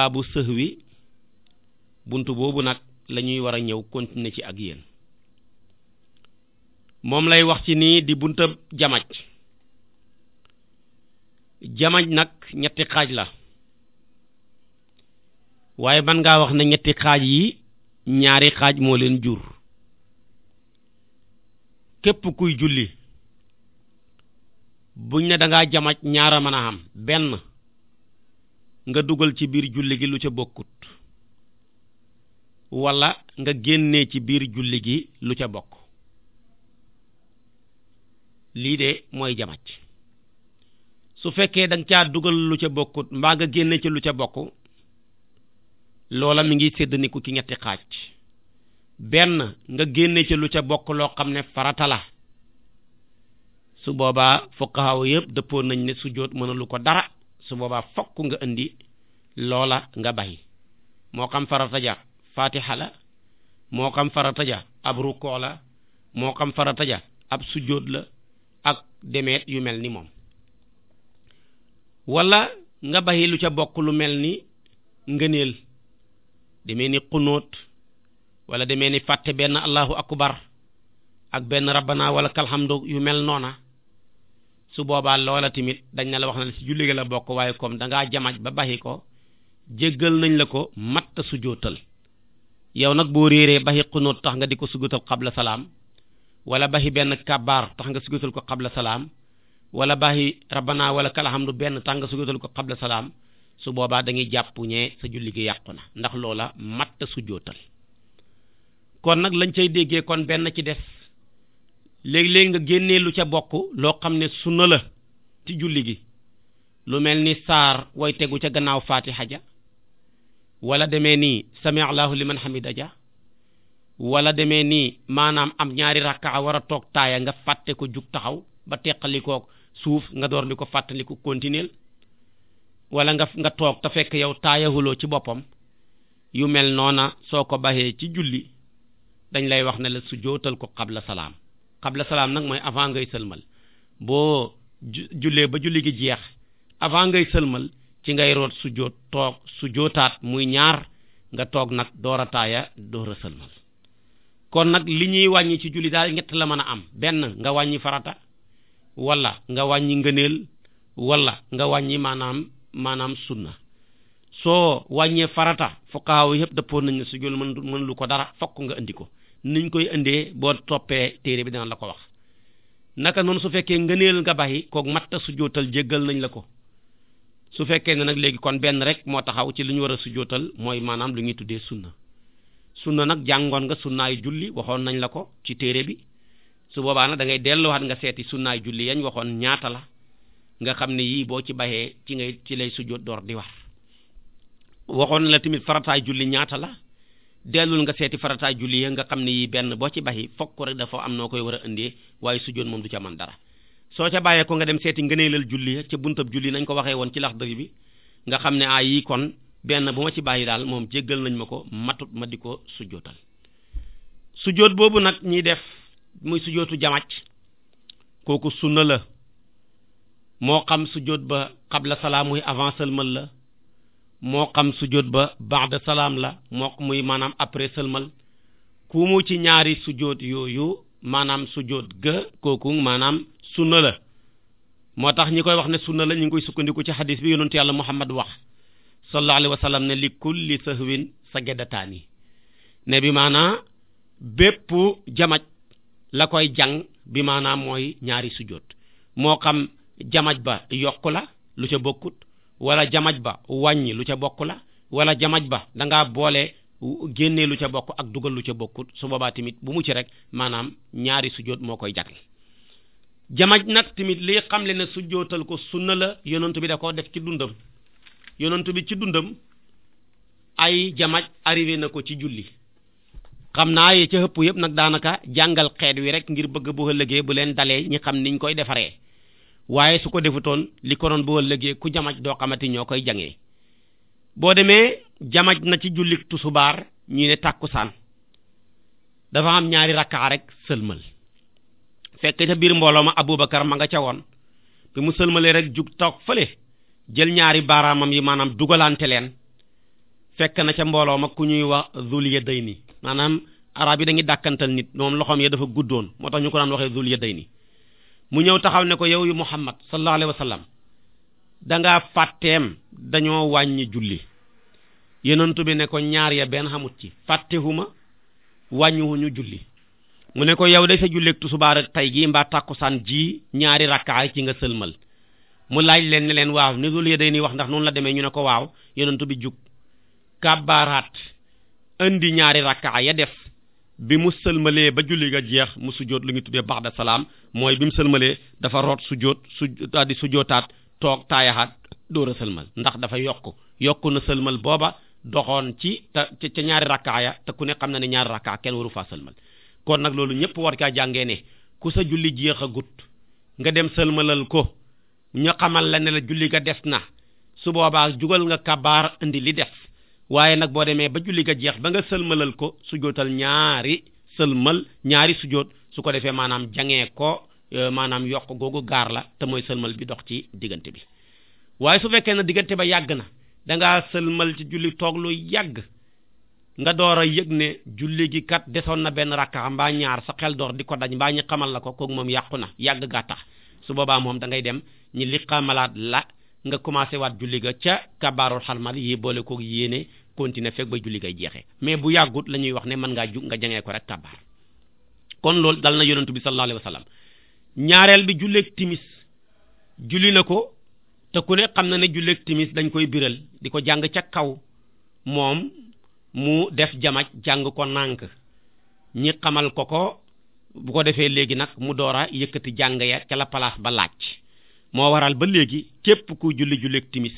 baabu sëx wi bunt boobu nag lañuy ñuy war a ñëw continuer ci ak yéen moom lay wax ci nii di bunta jamaj jamaj nag ñetti xaaj la waaye man ngaa wax ne ñetti xaaj yi ñaari xaaj moo leen jur képp kuy julli buñ ne dangaa jamaj ñaara mën a am benn nga dugal ci biir julli gi lu ca bokkut wala nga génne ci biir julli gi lu ca bokk lii de mooy jamac su fekkee dang caa dugal lu ca bokkut mbaa nga génne ci lu ca bokk loola mi ngi sédd ci ñetti xaaj benn nga génne ci lu ca bokk loo xam ne farata la su boobaa fuqahaa yëpp dëppoon nañ ne sujjóot mënalu ko dara su boobaa fokk nga indi loola nga bàyyi moo xam farata ja la moo xam farata ja ab rukkoo la moo xam farata ja ab sujjóot la ak demeet yu mel ni moom walla nga bàyyi lu ca bokk lu mel ni ngëneel deme ni xunóot walla demee ni fàtte benn allahu akbar ak benn rabbana wala kalhamdu yu mel noona su boobaa loola tamit dañ na la wax na ci julli ga la bokk waaye comme dangaa jamaj ba bàyyi ko jéggal nañ la ko matt sujootal yow nag boo réeree baxi xunóot tax nga di ko sujootal xabla salaam wala baxi benn kabaar tax nga sujootal ko xabla salaam wala baxi rabbana wala kalahamdu benn tax nga sujootal ko xabla salaam su boobaa da ngay jàpp ñee sa julli gi yàqu na ndax loola matt sujootal kon nag lañ cay déggee kon benn ci def léegi-léegi nga génnee lu ca bokk loo xam ne sunna la ci julli gi lu mel ni saar way tegu ca gannaaw faati xaja wala demee nii sami allahu liman hamida ja wala demee nii maanaam am ñaari rakka war a toog taaya nga fàtte ko jug taxaw ba teqalikook suuf nga door ni ko fàttaliku continuer wala nga nga toog ta fekk yow taayahuloo ci boppam yu mel noona soo ko baxee ci julli dañ lay wax ne la su jootal ko xabla salaam xabla salaam nag mooy avant ngay sëlmal boo jullee ba julli gi jeex avant ngay sëlmal ci ngay root sujjóot toog sujjóotaat muy ñaar nga toog nag door a taaya kon nag li ñuy wàññi ci julli daal ñett la mën a am benn nga wàññi farata walla nga wàññi ngëneel walla nga wàññi maanaam maanaam sunna soo wàññee farata fuqaaw yëpp dëppoon nañ ne sujjóot mën mën lu ko dara fokk nga indi ko niñ koy indee boo toppee téere bi dana la ko wax naka noonu su fekkee ngëneel nga bàyyi kook matta sujjóotal jéggal nañ la ko su fekkee ne nag léegi kon benn rek moo taxaw ci li ñu war a sujootal mooy maanaam lu ñuy tuddee sunna sunna nag jàngoon nga sunnaayu julli waxoon nañ la ko ci téere bi su boobaa nag da ngay delluwaat nga seeti sunnaayu julli yañ waxoon ñaata la nga xam ne yii boo ci baxee ci ngay ci lay sujoot door di war waxoon la tamit farataay julli ñaata la dellul nga seeti farataay julli ya nga xam ne yii benn boo ci baxi fokk rek dafa am noo koy war a indee waaye sujoot moom du ca man soo ca bàyyee ko nga dem seeti ngëneelal julli ca buntab julli nañ ko waxee woon ci lax dëri bi nga xam ne ay yi kon benn bu ma ci bàyyi daal moom jéggal nañ ma ko matut ma di ko sujjootal sujjoot boobu nag ñiy def muy sujjootu jamac kooku sunna la moo xam sujjoot ba xabla salaam muy avant sëlmal la moo xam sujjoot ba ba'da salaam la moo muy maanaam après sëlmal ku mu ci ñaari sujjoot yooyu maanaam sujjoot ga kooku maanaam sunna la moo tax ñi koy wax ne sunna la ñu ngi koy sukkandiku ci xadis bi yonentu yàlla Muhammad wax sallallahu alayhi ne li kulli sahwin sa geddataani yi ne bi maanaa bépp jamaj la koy jàng bi maanaam mooy ñaari sujjóot moo xam jamaj ba yokk lu ca bokkut wala jamaj ba wàññi lu ca bokk wala jamaj ba da ngaa boole génnee lu ca bokk ak dugal lu ca bokkut su boobaa bu mu ci rek maanaam ñaari sujjóot moo koy jagle jamaj nag tamit lii xamle ne su sujjootal ko sunna la yonentu bi da ko def ci dundam yonentu bi ci dundam ay jamaj arrivé na ko ci julli xam naa ye ca hëpp yëpp nag daanaka jàngal xeet wi rek ngir bëgg bu ëllëgee bu leen dalee ñi xam niñ koy defaree waaye su ko defutoon li ko doon bu ëllëgee ku jamaj doo xamati ñoo koy jangee boo demee jamaj na ci jullik tusubaar ñu ne tàkku tàkkusaan dafa am ñaari rakkaa rek sëlmal fekk ca biir mbooloo ma Abubakar ma nga ca woon bi mu sëlmalee rek jub toog fële jël ñaari baaraamam yi maanaam dugalaante leen fekk na ca mbooloo ma ku ñuy wax zul yadayni maanaam araab yi dañuy dàkkantal nit moom loxoom ya dafa guddoon moo tax ñu ko daan waxee zul ni mu ñëw taxaw ne ko yow yu Muhammad sallallahu alayhi wa sallam dangaa fàtteem dañoo wàññi julli yenentu bi ne ko ñaar ya benn xamut ci fàttewuma wàññiwuñu julli mu ne ko yow de sa julleeg tusubaar ak tey jii mbaa tàkkusaan jii ñaari rakkaay ci nga sëlmal mu laaj leen ne leen waaw nisul ye day ni wax ndax noonu la demee ñu ne ko waaw yonentu bi jug kàbbaaraat indi ñaari rakkaay ya def bi mu sëlmalee ba julli ga jeex mu sujjóot lu ngi tuddee baxda salaam mooy bi mu sëlmalee dafa root sujjóot su di sujjóotaat toog taayaxaat dóor a sëlmal ndax dafa yokk yokk na sëlmal booba doxoon ci te ca ñaari rakkaaya te ku ne xam na ne ñaari rakkaa kenn waru faa kon nag loolu ñëpp war caa jàngee ne ku sa julli jeex a gut nga dem sëlmalal ko ñu xamal la ne la julli ga des na su boobaa jugal nga kabaar indi li des waaye nag boo demee ba julli nga jeex ba nga sëlmalal ko sujootal ñaari sëlmal ñaari sujoot su ko defee maanaam jangee ko euh, maanaam yokk googu gaar la te mooy sëlmal bi dox ci diggante bi waaye su fekkee na diggante ba yàgg na dangaa sëlmal ci julli toog lu yàgg nga door a yëg ne julli gi kat desoon na benn rakka mbaa ñaar sa xel door di ko daj mbaa ñi xamal la ko kooku moom yàqu na yàgg gaa tax su boobaa moom da ngay dem ñi liqaamalaat la nga commencé waat julli ga ca kabaarul xalmal yi boole koog yéene continuer fekk ba julli gay jeexee mais bu yàggut la ñuy wax ne mën ngaa jug nga jangee ko rek kabaar kon loolu dal na yonentu bi sallallahu alayhi ñaareel bi julleeg timis julli na ko te ku ne xam na ne julleeg timis dañ koy biral di ko jàng ca kaw moom mu def jamaj jàng ko nànk ñi xamal ko ko bu ko defee léegi nag mu door a yëkkati jàng ya ca la palaas ba laaj moo waral ba léegi képp ku julli julleeg timis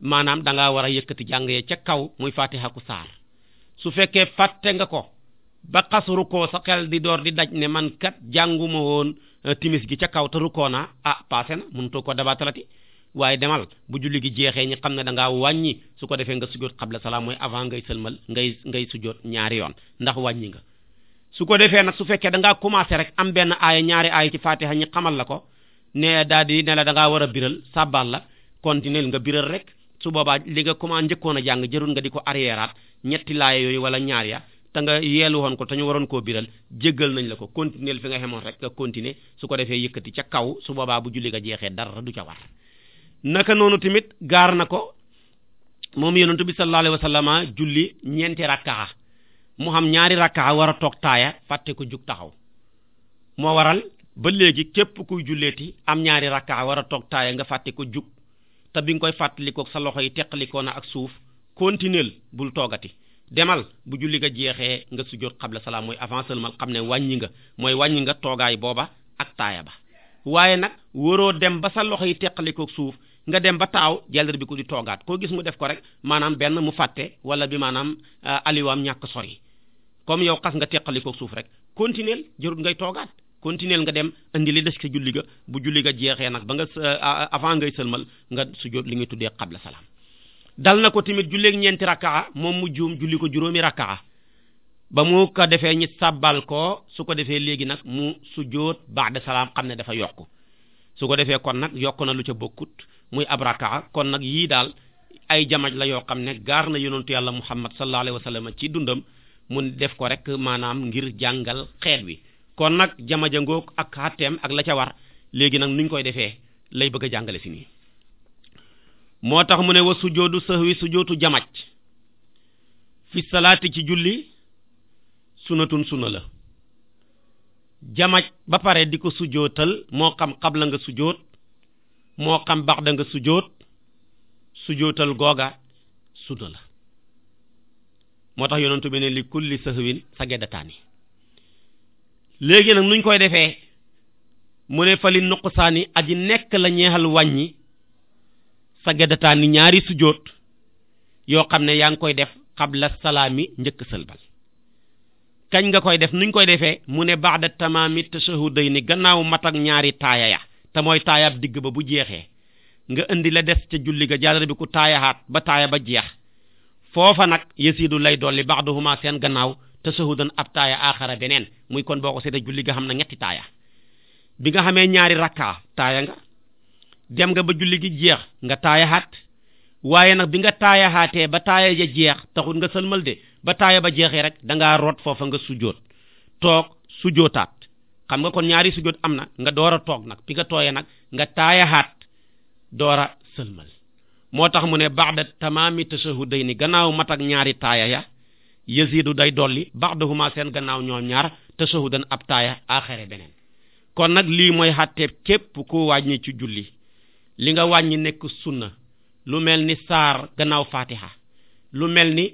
maanaam da ngaa war a yëkkati jàng ya ca kaw muy fatiha ku saar su fekkee fàtte nga ko ba xas rukkoo sa xel di door di daj ne man kat jànguma woon eh, timis gi ca kaw te rukkoo ah, na ah passé na mënutoo ko dabaatalati waaye demal bu julli gi jeexee ñi xam ne da ngaa wàññi su ko defee nga sujjoot xabla salaam mooy avant ngay sëlmal ngay ngay sujjoot ñaari yoon ndax wàññi nga su ko defee nag su fekkee da ngaa commencé rek am benn aaya ñaari aaya ci fatiha ñi xamal la ko ne daal di ne la war a biral sabbal la continuer nga biral rek su boobaa li nga commencé a jàng jërul nga di ko arriéraat ñetti laaya yooyu wala ñaar ya te nga yeelu woon ko te ñu waroon koo biral jéggal nañ la ko continuer fi nga xemoon rek nga continuer su ko defee yëkkati ca kaw su boobaa bu julli nga jeexee dara du ca war naka noonu tamit gaar na ko moom yonentu bi sallallahu alayhi wa sallama julli ñeenti rakkaa mu xam ñaari rakkaa war a toog taaya fàtte ko jug taxaw moo waral ba léegi képp kuy julleeti am ñaari rakkaa war a toog taaya nga fàtte ko jug te bi nga koy fàttalikoo sa loxo yi teqalikoo na ak suuf continuel bul toogati demal bu julli nga jeexee nga sujjóot xabla salaam mooy avant seulement xam ne wàññi nga mooy wàññi nga toogaay booba ak taaya ba waaye nag waroo dem ba sa loxo yi teqalikook suuf nga dem ba taaw jàllar bi ku di toogaat koo gis mu def ko rek maanaam benn mu fàtte wala bi maanaam euh, aliwaam ñàkk sori comme yow xas nga teqali ko suuf rek continuer jarul ngay toogaat continuer nga dem andi li des ci julli ga bu julli ga jeexee nag ba nga euh, euh, avant ngay sëlmal nga sujjóot li ngay tuddee xabla salaam dal na ko tamit julleeg ñeenti rakkaa moom mu juum julli ko juróomi rakkaa ba mu ko defee ñi sabbal ko su ko defee léegi nag mu sujjóot ba'da salaam xam ne dafa yokku su ko defee kon nag yokk na lu ca bokkut muy ab rakaa kon nag yii daal ay jamaj la yoo xam ne gaar na yonentu yàlla muhammad sallallahu alayhi wa sallam ci dundam mu def ko rek maanaam ngir jàngal xeet wi kon nag jamaj a ngoog ak xatteem ak la ca war léegi nag nuñ koy defee lay bëgg a jàngale si nii moo tax mu ne wa sujoodu sahwi sujootu jamaj fi salaati ci julli sunatun suna la jamaj ba pare di ko sujootal moo xam xabla nga sujoot moo xam bax da nga sujjóot sujjóotal googa sunna la moo tax yonentu bi li kulli sahwin sa geddataani léegi nag nuñ koy defee mu ne fa li nuqsaani aji nekk la ñeexal wàññi sa geddataani ñaari sujjóot yoo xam ne yaa ngi koy def xabla salaami njëkk sëlbal kañ nga koy def nuñ koy defee mu ne ba'da tamaami tashahudayni gannaaw mat ak ñaari taaya ya te mooy taayaab digg ba bu jeexee nga indi la des ca julli ga jàllale bi ku taayaxaat ba taaya ba jeex foofa nag yasiidu lay dolli ba'dahuma seen gannaaw te tasahudan ab taaya aaxara beneen muy kon boo ko seetee julli ga xam na ñetti taaya bi nga xamee ñaari rakka taaya nga dem nga ba julli gi jeex nga taayaxaat waaye nag bi nga taayaxaatee ba taaya ja jeex taxul nga sëlmal de ba taaya ba jeexee rek da ngaa root foofa nga sujjoot toog sujjootaat xam nga kon ñaari sujjóot am na nga door a toog nag fi nga tooyee nag nga taayaxaat door a sëlmal moo tax mu ne ba'da tamaami ni gannaaw mat ak ñaari taaya ya yazidu day dolli ba'dahuma seen gannaaw ñoom ñaar tashahudan ab taaya axare beneen kon nag lii mooy xàtteeb képp koo wàññi ci julli li nga wàññi nekk sunna lu mel ni saar gannaaw fatiha lu mel ni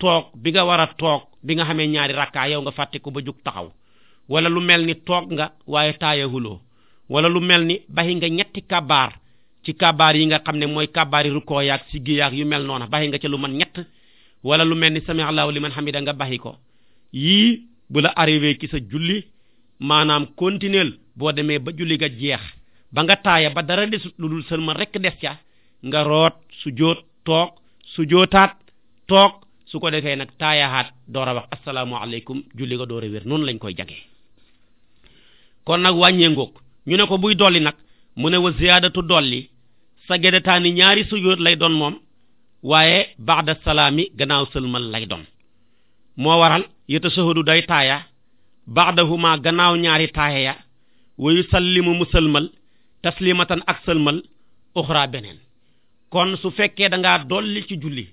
toog bi nga war a toog bi nga xamee ñaari rakkaa yow nga fàtte ko ba jóg taxaw wala lu mel ni toog nga waaye taayahuloo wala lu mel ni baxi nga ñetti kabaar ci kabaar yi nga xam ne mooy kabaar yi rukkoo yaag siggi yaag yu mel noona baxi nga ca lu man ñett wala lu mel ni sami allahu liman hamida nga baxi ko yii bu la arrivé ci sa julli maanaam continuel boo demee ba julli ga jeex ba nga taaya ba dara desut lu dul sëlma rekk des ca nga root su joot toog su jootaat toog su ko defee nag taayaxaat door a wax asalaamaaleykum julli ga door a wér noonu lañ koy jagee kon nag wàññee ngóog ñu ne ko buy dolli nag mu ne wa ziyaadatu dolli sa gedetaani ñaari sujjóot lay doon moom waaye ba'da salaami gannaaw sëlmal lay doon moo waral yëta sahadu day taaya ba'dahuma gannaaw ñaari taaya ya wa yusallimu mu sëlmal taslimatan ak sëlmal uxra beneen kon su fekkee da ngaa dolli ci julli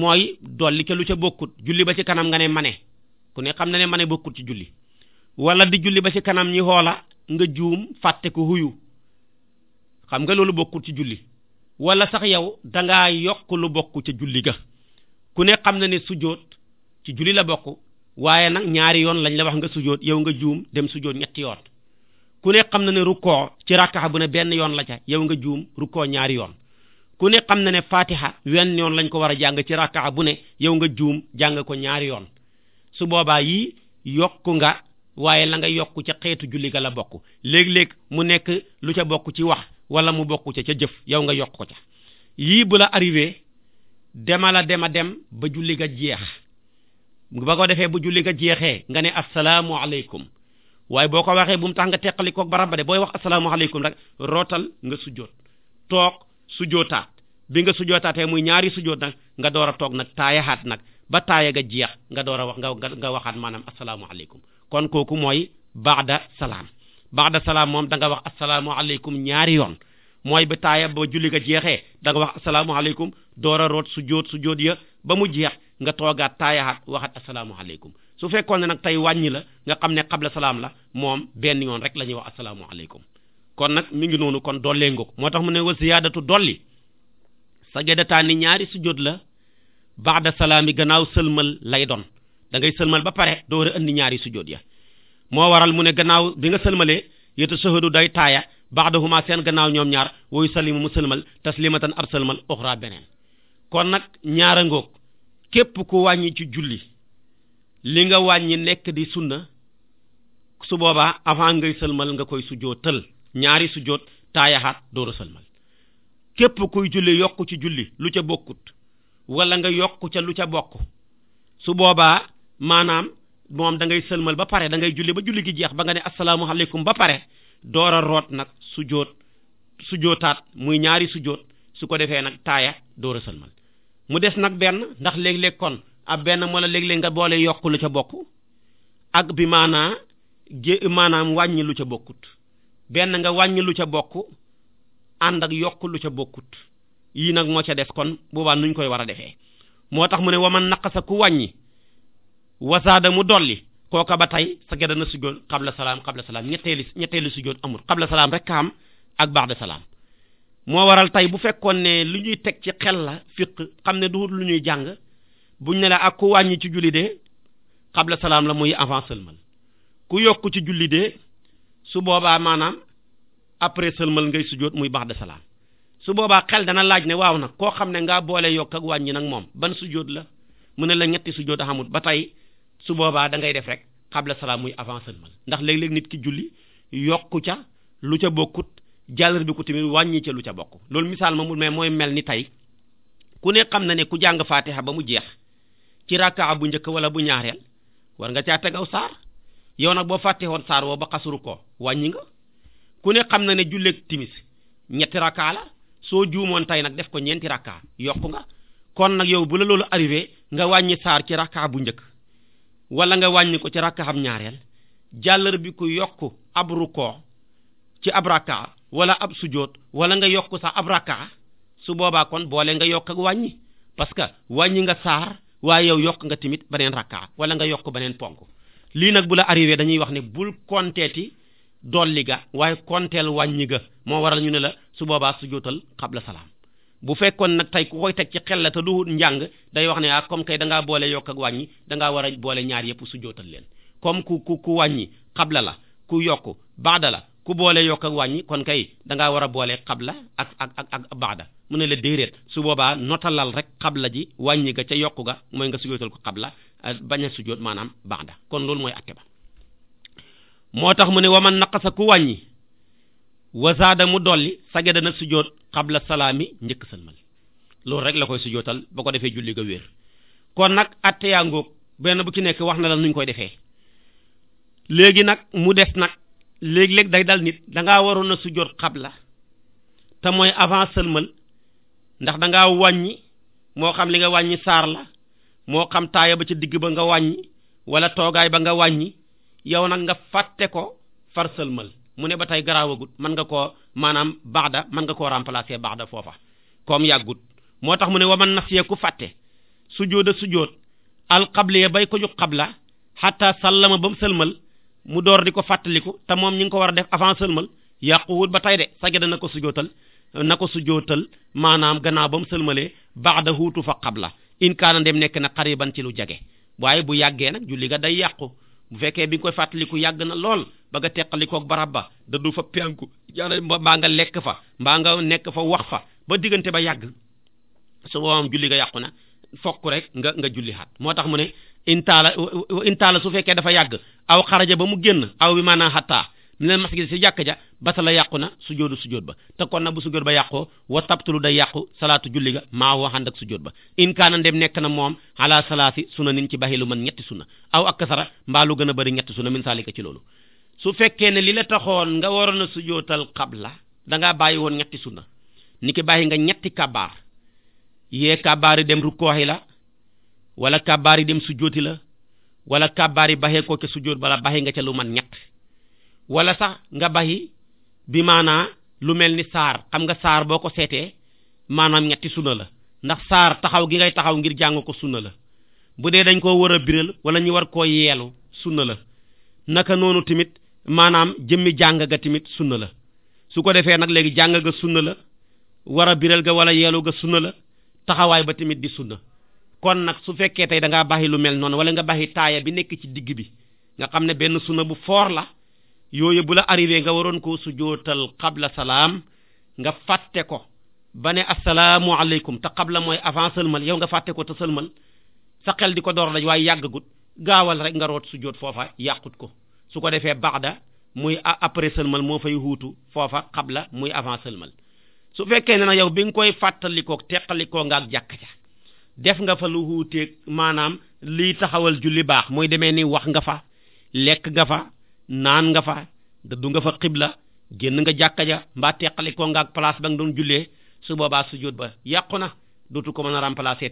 mooy dolli ca lu ca bokkut julli ba ci kanam nga ne mane ku ne xam na ne mane bokkut ci julli wala di julli ba ci kanam ñi xoola nga juum fàtte ko huyu xam nga loolu bokkul ci julli wala sax yow danga yokk lu bokk ca julli ga ku ne xam na ne sujjóot ci julli la bokk waaye nag ñaari yoon lañ la wax nga sujjóot yow nga juum dem sujjóot ñetti yoon ku ne xam na ne rukkoo ci rakkaxa bu ne benn yoon la ca yow nga juum rukkoo ñaari yoon ku ne xam na ne fatiha wenn yoon lañ ko war a jàng ci rakkaxa bu ne yow nga juum jàng ko ñaari yoon su boobaa waaye la nga yokk ca xeetu julli ga la bokk léeg-léeg mu nekk lu ca bokk ci wax wala mu bokku ca ca jëf yow nga yokk ko ca yii bu la arrivé demala la dema dem ba julli ga jeex ba ko defee ba julli ga jeexee nga ne asalaamu aleykum waaye boo ko waxee bu mu tax nga teqali barab ba de booy wax asalaamu aleykum rek rootal nga sujjoot toog sujjootaat bi nga sujjootaatee muy ñaari sujjoot nag nga door a toog nag taayaxaat nag ba taaya ga jeex nga door a wax nga nga waxaat maanaam asalaamu kon kooku mooy baada salaam baax da salaam moom da nga wax asalaamualeykum ñaari yoon mooy ba taaya ba julli ga jeexee danga wax asalaamualeykum door a root su jóot su ya ba mu jeex nga toogaat taayaat waxat asalaamualeykum su fekkoon ne nag tey wàññi la nga xam ne xabla salaam la moom benn yoon rek la ñuy wax asalaamualeykum kon nag mu ngi noonu kon dollee nga ko moo tax mu ne wa ziyaadatu dolli sajadataani ñaari sujjóot la baada salaam yi gannaaw sëlmal lay doon da ngay sëlmal ba pare door a ñaari sujjóot ya moo waral mu ne gannaaw bi nga sëlmalee yëtu sahadu day taaya baxdahuma seen gannaaw ñoom ñaar woyu salimu mu sëlmal taslimatan ab sëlmal uxra beneen kon nag ñaara ngoog képp ku wàññi ci julli li nga wàññi nekk di sunna su boobaa avant ngay sëlmal nga koy sujjóotal ñaari sujjóot taayaxaat door a sëlmal képp kuy julli yokk ci julli lu ca bokkut wala nga yokk ca lu ca bokk su boobaa maanaam moom da ngay sëlmal ba pare da ngay julli ba julli gi jeex ba nga ne asalaamaaleykum ba pare door a root nag sujoot sujootaat muy ñaari sujoot su ko defee nag taaya door a sëlmal mu des nag benn ndax léeg-léeg kon ab benn moo la léeg-léeg nga boole yokk lu ca bokk ak bi maanaa jé maanaam wàññi lu ca bokkut benn nga wàññi ca bokk ànd ak yokk lu ca bokkut yii nag moo ca des kon boobaa nuñ koy war a defee moo tax mu ne waman naqasa ku wàññi wasaada mu dolli kooka ba tey sa geda na sujjoon xabla salaam xabla salaam ñetteeli ñetteeli sujjoon amul xabla salaam rek kaam ak ba'da salaam moo waral tey bu fekkoon ne lu ñuy teg ci xel la fiq xam ne duhut lu ñuy jàng buñ ne ak ku wàññi ci julli de xabla salaam la muy avant sëlmal ku yokk ci julli de su boobaa maanaam après sëlmal ngay sujjoot muy ba'da salaam su boobaa xel dana laaj ne waaw nag koo xam ne ngaa boole yokk ak wàññi nag moom ban sujjoot la mu ne la ñetti sujjoot a ba tey su boobaa da ngay def rek xabla salaam muy avant sëlmal ndax léegi léeg nit ki julli yokku ca lu ca bokkut jàllar bi ko tamit wàññi ca lu ca bokk loolu misaal ma mu mais mooy mel ni tey ku ne xam na ne ku jàng faatiha ba mu jeex ci rakkaa bu njëkk wala bu ñaareel war nga caa tegaw saar yow nag boo fàtte woon saar woo ba xasuru ko wàññi nga ku ne xam na ne julleeg timis ñetti rakkaa la soo juumoon tey nag def ko ñeenti rakkaa yokku nga kon nag yow bu la loolu arrivé nga wàññi saar ci rakkaa bu njëkk wala nga wàññi ko ci rakka xam ñaareel jàllar bi ko yokk ab rukkoo ci ab rakka wala ab sujoot wala nga yokk sax ab rakka su boobaa kon boole nga yokk ak wàññi parce que wàññi nga saar waaye yow yokk nga tamit beneen rakka wala nga yokk beneen ponk lii nag bu la arrivé dañuy wax ne bul konteeti dolli ga waaye konteel wàññi ga moo waral ñu ne la su boobaa sujootal xabla salaam bu fekkoon nag tey ku koy teg ci xel la te du njàng day wax ne ah comme kay da boole yokk ak wàññi da war a boole ñaar yëpp su jootal leen comme ku ku ku wàññi xabla la ku yokk baada la ku boole yokk ak wàññi kon kay da war a boole xabla ak ak ak ak baada mu ne la déeréet su boobaa notalal rek xabla ji wàññi ga ca yokk ga mooy nga sujootal ko xabla euh, bañ a sujoot maanaam baada kon loolu mooy atte ba moo tax mu ne waman naqasa ku wàññi wasaada mu dolli sage dana sujoot xabla salaami njëkk sëlmal loolu rek la koy sujootal ba ko defee julli ga wér kon nag atte yaa ngoog benn bu ci nekk wax na la nuñ koy defee léegi nag mu des nag léegi-léeg day dal nit danga waroon na a xab la te mooy avant sëlmal ndax dangaa wàññi moo xam li nga wàññi saar la moo xam taaya ba ca digg ba nga wàññi wala toogaay ba nga wàññi yow nag nga fàtte ko far sëlmal mu ne ba tey garaawagut mën nga koo maanaam baxda mën nga koo remplacer baxda foofa comme yàggut moo tax mu ne wa man nasiya ku fàtte sujjóoda sujjóot alxabliya bay ko jóg xabla xatta sallama ba mu sëlmal mu door di ko fàttaliku te moom ñi ngi ko war a def avant sëlmal yàquwut ba tey de sajada na ko sujjóotal na ko sujjóotal maanaam gannaaw ba mu sëlmalee baxda huutu fa xabla in kaana dem nekk na xariban ci lu jage waaye bu yàggee nag julli ga day yàqu bu fekkee bi nga koy fàttaliku yàgg na lool ba nga teqalikoog barab ba dadu fa penku jaare mbaa nga lekk fa mbaa nga nekk fa wax fa ba diggante ba yàgg su boobam julli nga yàqu na fokk rek nga nga julli xaat moo tax mu ne intaala intaala su fekkee dafa yàgg aw xaraja ba mu génn aw bi maanaam xattaa mi leen masjid si jàkk ja basala yàqu na sujjóodu sujjóot ba te kon na bu sujjóot ba yàqoo wa tabtulu day yàqu salaatu julli ga maa woo ànd ak sujjóot ba in kaana ndem nekk na moom ala salaasi suna nin ci baxi lu mën ñetti su na aw ak kasara mbaa lu gën a bëri ñetti suna min saalika ci loolu su fekkee ne li la taxoon nga waroon a sujootal la danga bàyyi woon ñetti sunna ni ki bàyyi nga ñetti kabaar yee kabaar yi dem rukkooxi la walla kabaar yi dem sujooti la wala kabaar baxee koo ca sujoot bala baxi nga ca lu man ñett wala sax nga baxi bi maanaa lu mel ni saar xam nga saar boo ko seetee maanaam ñetti sunna la ndax saar taxaw gi ngay taxaw ngir jàng ko sunna la bu dee dañ koo war a biral wala ñu war koo yeelu sunna la naka maanaam jëmmi jàng ga tamit sunna la su ko defee nag léegi jàng ga sunna la war a biral ga wala yeelu ga sunna la taxawaay ba tamit di sunna kon nag su fekkee tey da ngaa bàyyi lu mel noonu wala nga bàyyi taaya bi nekk ci digg bi nga xam ne benn sunna bu foor la yooyu bu la arrivé nga waroon koo sujootal xabla salaam nga fàtte ko ba ne assalaamu aleykum te qabla mooy avant sëlmal yow nga fàtte ko te sëlmal sa xel di ko door daj waaye yàggagut gaawal rek nga root sujoot foofa yàqut ko su ko defee baxda muy après sëlmal moo fay wuutu foofa xab la muy avant sëlmal su fekkee ne nag yow bi nga koy fàttalikook teqalikoo nga ak jàkk ja def nga fa lu wuuteeg maanaam liy taxawal julli baax muy demee ni wax nga fa lekk nga fa naan nga fa dëddu nga fa xibla génn nga jàkka ja mbaa teqalikoo nga ak place ba nga doon jullee su boobaa sujjóot ba yàqu na dootu ko mën a remplacer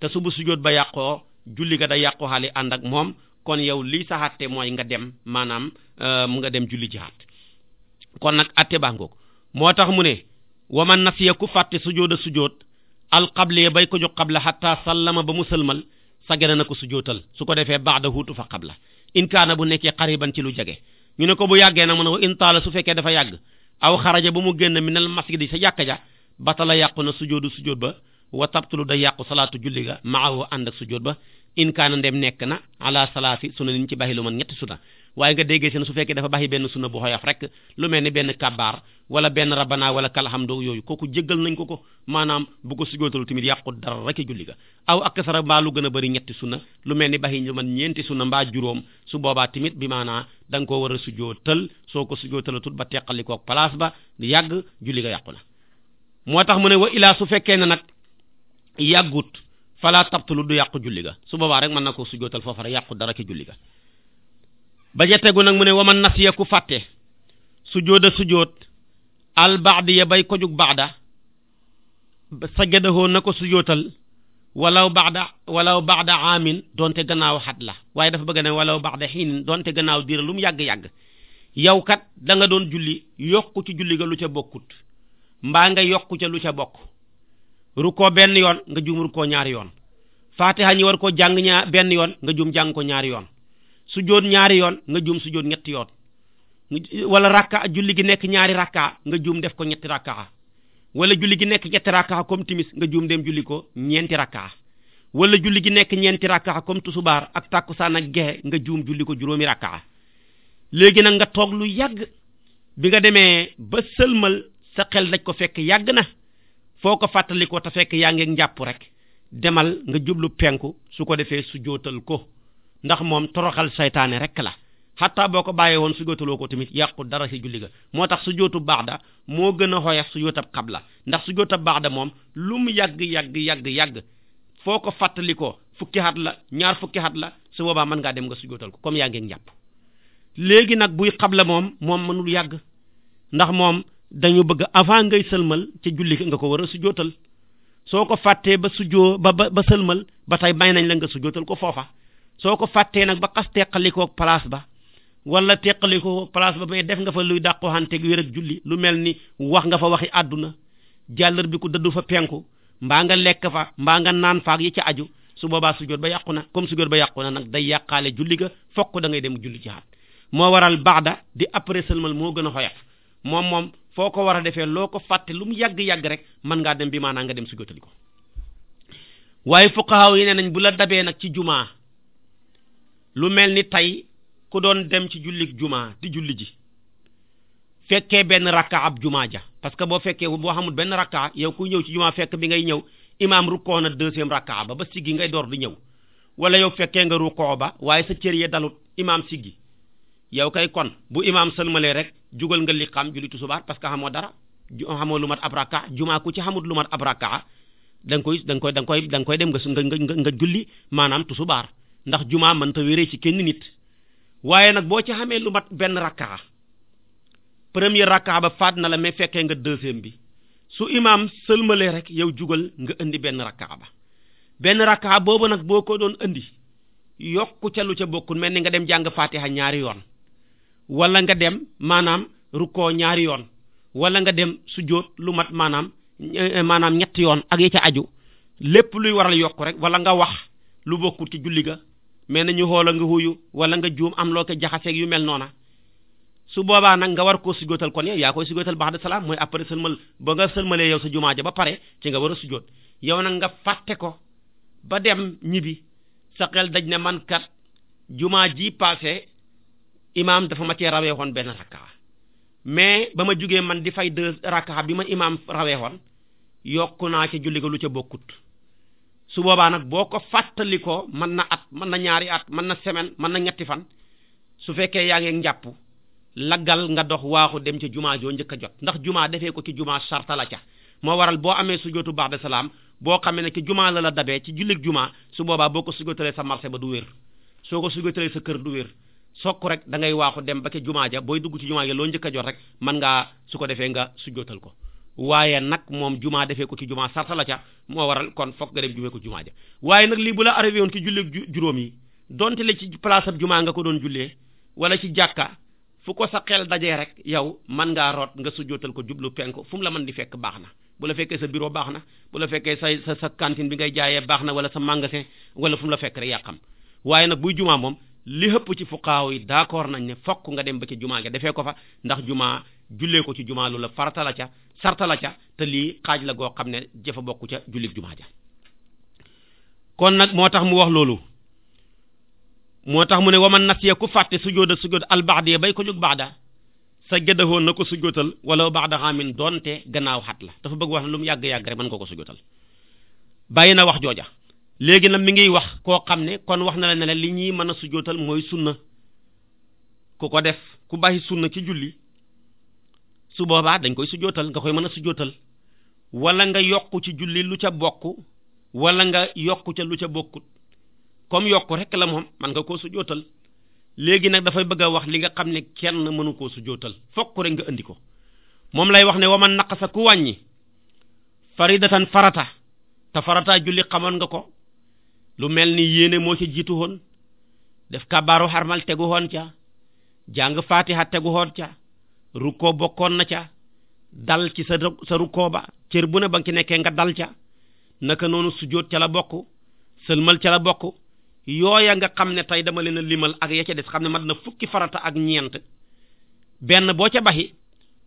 te su bu sujjóot ba yàqoo julli ga da yàqu xaali ànd ak moom kon yow lii sa àtte mooy nga dem maanaam euh, mu nga dem julli jihaat kon nag àtte baa ngoog moo tax mu ne waman nasiya ku fàtte sujjóot a sujjóot alxable bay ko jox xabla xatta sallama ba mu sëlmal sagena na ko sujjóotal su ko defee baax da huutu fa xabla inkaana bu nekkee xariban ci lu jege ñu ne ko bu yàggee nag mu ne ko intaala su fekkee dafa yàgg aw xaraja ba mu génn minal masjidi sa jàkka ja batala yàqu na sujjóotu sujjóot ba wa tabtulu da yàqu salaatu julli ga maahu ànd ak sujjóot ba in kaana ndem nekk na ala salaasi suna niñ ci baxi lu man ñetti suna waaye nga déggee seen su fekkee dafa baxi benn suna bu xoyof rek lu mel ni benn kabaar wala benn rabbana wala kalhamdo yooyu kooku jéggal nañ ko ko maanaam bu ko sujootalu tamit yàqu dara rek julli ga aw ak sara mbaa lu gën a bëri ñetti sunna lu mel ni baxi lu man ñeenti sunna mbaa juróom su boobaa tamit bi maanaa da nga koo war a sujootal soo ko sujootala tut ba teqali kook place ba yàgg julli ga moo tax mu ne wa ilaa su fekkee ne nag yàggut fala tabtulu du yàqu julli ga su boobaa rek mën na ko sujootal foofa rek yàqu dara ki julli ga ba ja tegu nag mu ne waman nasiya ku fàtte sujooda sujoot al baadiya bay kojug baada sajadahoo na ko sujootal walaw baada walaw baada aamin doonte gannaaw xat la waaye dafa bëgg ne walaw baada xiinin doonte gannaaw diira lu mu yàgg-yàgg yow kat danga doon julli yokku ci julli ga lu ca bokkut mbaa nga yokku ca lu ca bokk rukkoo benn yoon nga juum rukkoo ñaari yoon faate ñi war koo jàng ñaar benn yoon nga juum jàng ko ñaari yoon sujjóot ñaari yoon nga juum sujjóot ñetti yoon wala rakka julli gi nekk ñaari rakka nga juum def ko ñetti rakka wala julli gi nekk ñetti rakka comme timis nga juum dem julli ko ñeenti rakka wala julli gi nekk ñeenti rakka comme tusubaar ak tàkkusaan ak gexe nga juum julli ko juróomi rakka léegi nag nga toog lu yàgg bi nga demee ba sëlmal sa xel daj ko fekk yàgg na foo ko fàttalikoo te fekk yaa ngeen njàpp rek demal nga jublu penku su ko defee su jootal ko ndax moom toroxal saytaane rek la xataa boo ko bàyyee woon su jootaloo ko tamit yàqu dara ci julli ga moo tax su jootu baax da moo gën a xoyof su jootab xabla ndax su jootab baax da moom lu mu yàgg yàgg yàgg yàgg foo ko fàttalikoo fukki xat la ñaar fukki xat la su boobaa mën ngaa dem nga su jootal ko comme yaa ngi njàpp léegi nag buy la moom moom mënul yàgg ndax moom dañu bëgg avant ngay sëlmal ca julli ga nga ko war a sujjóotal soo ko fàttee ba sujjoo ba ba ba sëlmal ba tey bay nañ la nga sujjóotal ko foofa soo ko fàttee nag ba xas teqalikoog place ba wala teqalikoog place ba mais def nga fa luy dàqoxanteeg wér ak julli lu mel ni wax nga fa waxi àdduna jàllar bi ku dëddu fa penku mbaa nga lekk fa mbaa nga naan faak yi ci aju su boobaa sujjóot ba yàqu na comme sujjóot ba yàqu na nag day yàqaale julli ga fokk da dem julli moo waral baada di après sëlmal moo gën a xoyof moom foo ko war a defee loo ko fàtte lu mu yàgg-yàgg rek mën ngaa dem bi maanaa nga dem su jotali ko waaye fuqaha yi ne nañ bu la dabee nag ci jumaa lu mel ni tey ku doon dem ci julli jumaa di julli ji fekkee benn rakka ab jumaa ja parce que boo fekkee boo xamul benn rakka yow ku ñëw ci jumaa fekk bi ngay ñëw imaam rukkoo na deuxième rakka ba ba siggi ngay door di ñëw wala yow fekkee nga rukkoo ba waaye sa cër ya dalut imaam siggi yow kay kon bu imaam sëlmalee rek jugal nga li xam julli tusubaar parce que xamoo dara xamoo lu mat ab rakka jumaa ku ci xamut lu mat ab rakka da nga koy da nga koy da nga koy da nga koy dem nga nga nga julli maanaam tusubaar ndax jumaa mënta wéree ci kenn nit waaye nag boo ci xamee lu mat benn rakka premier rakka ba faat na la mais fekkee nga deuxième bi su imaam sëlmalee rek yow jugal nga indi benn rakka ba benn rakka boobu nag boo ko doon indi yokku ca lu ca bokkul mel ni nga dem jàng fatiha ñaari yoon wala nga dem maanaam rukkoo ñaari yoon wala nga dem sujjóot lu mat maanaam eh, eh, maanaam ñetti yoon ak yi ca aju lépp luy waral yokk rek wala nga wax lu bokkul ci julli ga mais nañu xoola nga huyu wala nga juum am loo ko jaxaseeg yu mel noona su boobaa nag nga war koo sujjóotal ko yow yaa koy sujjóotal ba'da salaam mooy après sëlmal ba nga sëlmalee yow sa jumaa ja ba pare ci nga war a sujjóot yow nag nga fàtte ko ba dem ñibi sa xel daj ne man jumaa ji passé imaam dafa ma cee rawee woon benn rakkaa mais ba ma jógee man di fay deux rakkaa bi ma imaam rawee woon yokku naa ca julli ga lu ci bokkut su boobaa nag boo ko fàttali ko mën na at mën na ñaari at mën na semaine mën na ñetti fan su fekkee yaa ngi njàpp laggal nga dox waaxu dem ca jumaa joo njëkk a jot ndax jumaa defee ko ci jumaa sarta ca moo waral boo amee sujootu ba'da salaam boo xamee ne ci jumaa la la dabee ci jullig jumaa su boobaa boo ko sujootalee sa marché ba du wér soo ko sujootalee sa kër du wér sokku rek da ngay waaxu dem ba ca jumaa ja booy dugg ci jumaa ja loo njëkk a jot rek mën ngaa su ko defee nga sujjootal ko waaye nag moom jumaa defee ko ci jumaa sarta la ca moo waral kon fokk nga dem jubee ko jumaa ja waaye nag lii bu la arrivé woon ci julli juróom yi donte le ci place ab jumaa nga ko doon jullee wala ci jàkka fu ko sa xel dajee rek yow mën ngaa root nga sujjootal ko jublu penku fu mu la mën di fekk baax na bu la fekkee sa bureau baax na bu la fekkee sa sa sa bi ngay jaayee baax na wala sa magasin wala fu mu la fekk rek yaa xam nag buy jumaa moom li ëpp ci fuqaaw yi d'accord nañ ne fokk nga dem ba ci jumaa ja defee ko fa ndax jumaa jullee ko ci jumaa lu la farata ca sarta la ca te lii xaaj la goo xam ne jëfa bokku ca jullit jumaa ja kon nag moo tax mu wax loolu moo tax mu ne waman yee ku fàtte sujjóotal sujjóot albaxdiya bay ko jóg baxda sa jëddahoon na ko sujjóotal wala baxda xamin donte gannaaw xat la dafa bëgg wax ne lu mu yàgg-yàgg rek mën ko ko sujjóotal bàyyi na wax jooja léegi nag mi ngiy wax koo xam ne kon wax na la ne la li ñuy mën a sujootal mooy sunna ku ko def ku bàyyi sunna ci julli su boobaa dañ koy sujootal nga koy mën a sujootal wala nga yokku ci julli lu ca bokk wala nga yokku lu ca bokkut comme yokku rek la moom man nga koo sujootal léegi nag dafay bëgg a wax li nga xam ne kenn mënu koo sujootal fokk rek nga indi ko moom lay wax ne wa man naqasa ku wàññi faridatan farata te farataa julli xamoon nga ko lu mel ni yéene moo ci jiitu woon def kabaaru xarmal tegu woon ca jàng fatiha tegu woon ca rukkoo bokkoon na ca dal ci sa sa rukkoo ba cër bu ne ba nga ci nekkee nga dal ca naka noonu sujjóot ca la bokk sëlmal ca la bokk yooya nga xam ne tey dama leen limal ak ya ca des xam ne mat na fukki farata ak ñeent benn boo ca baxi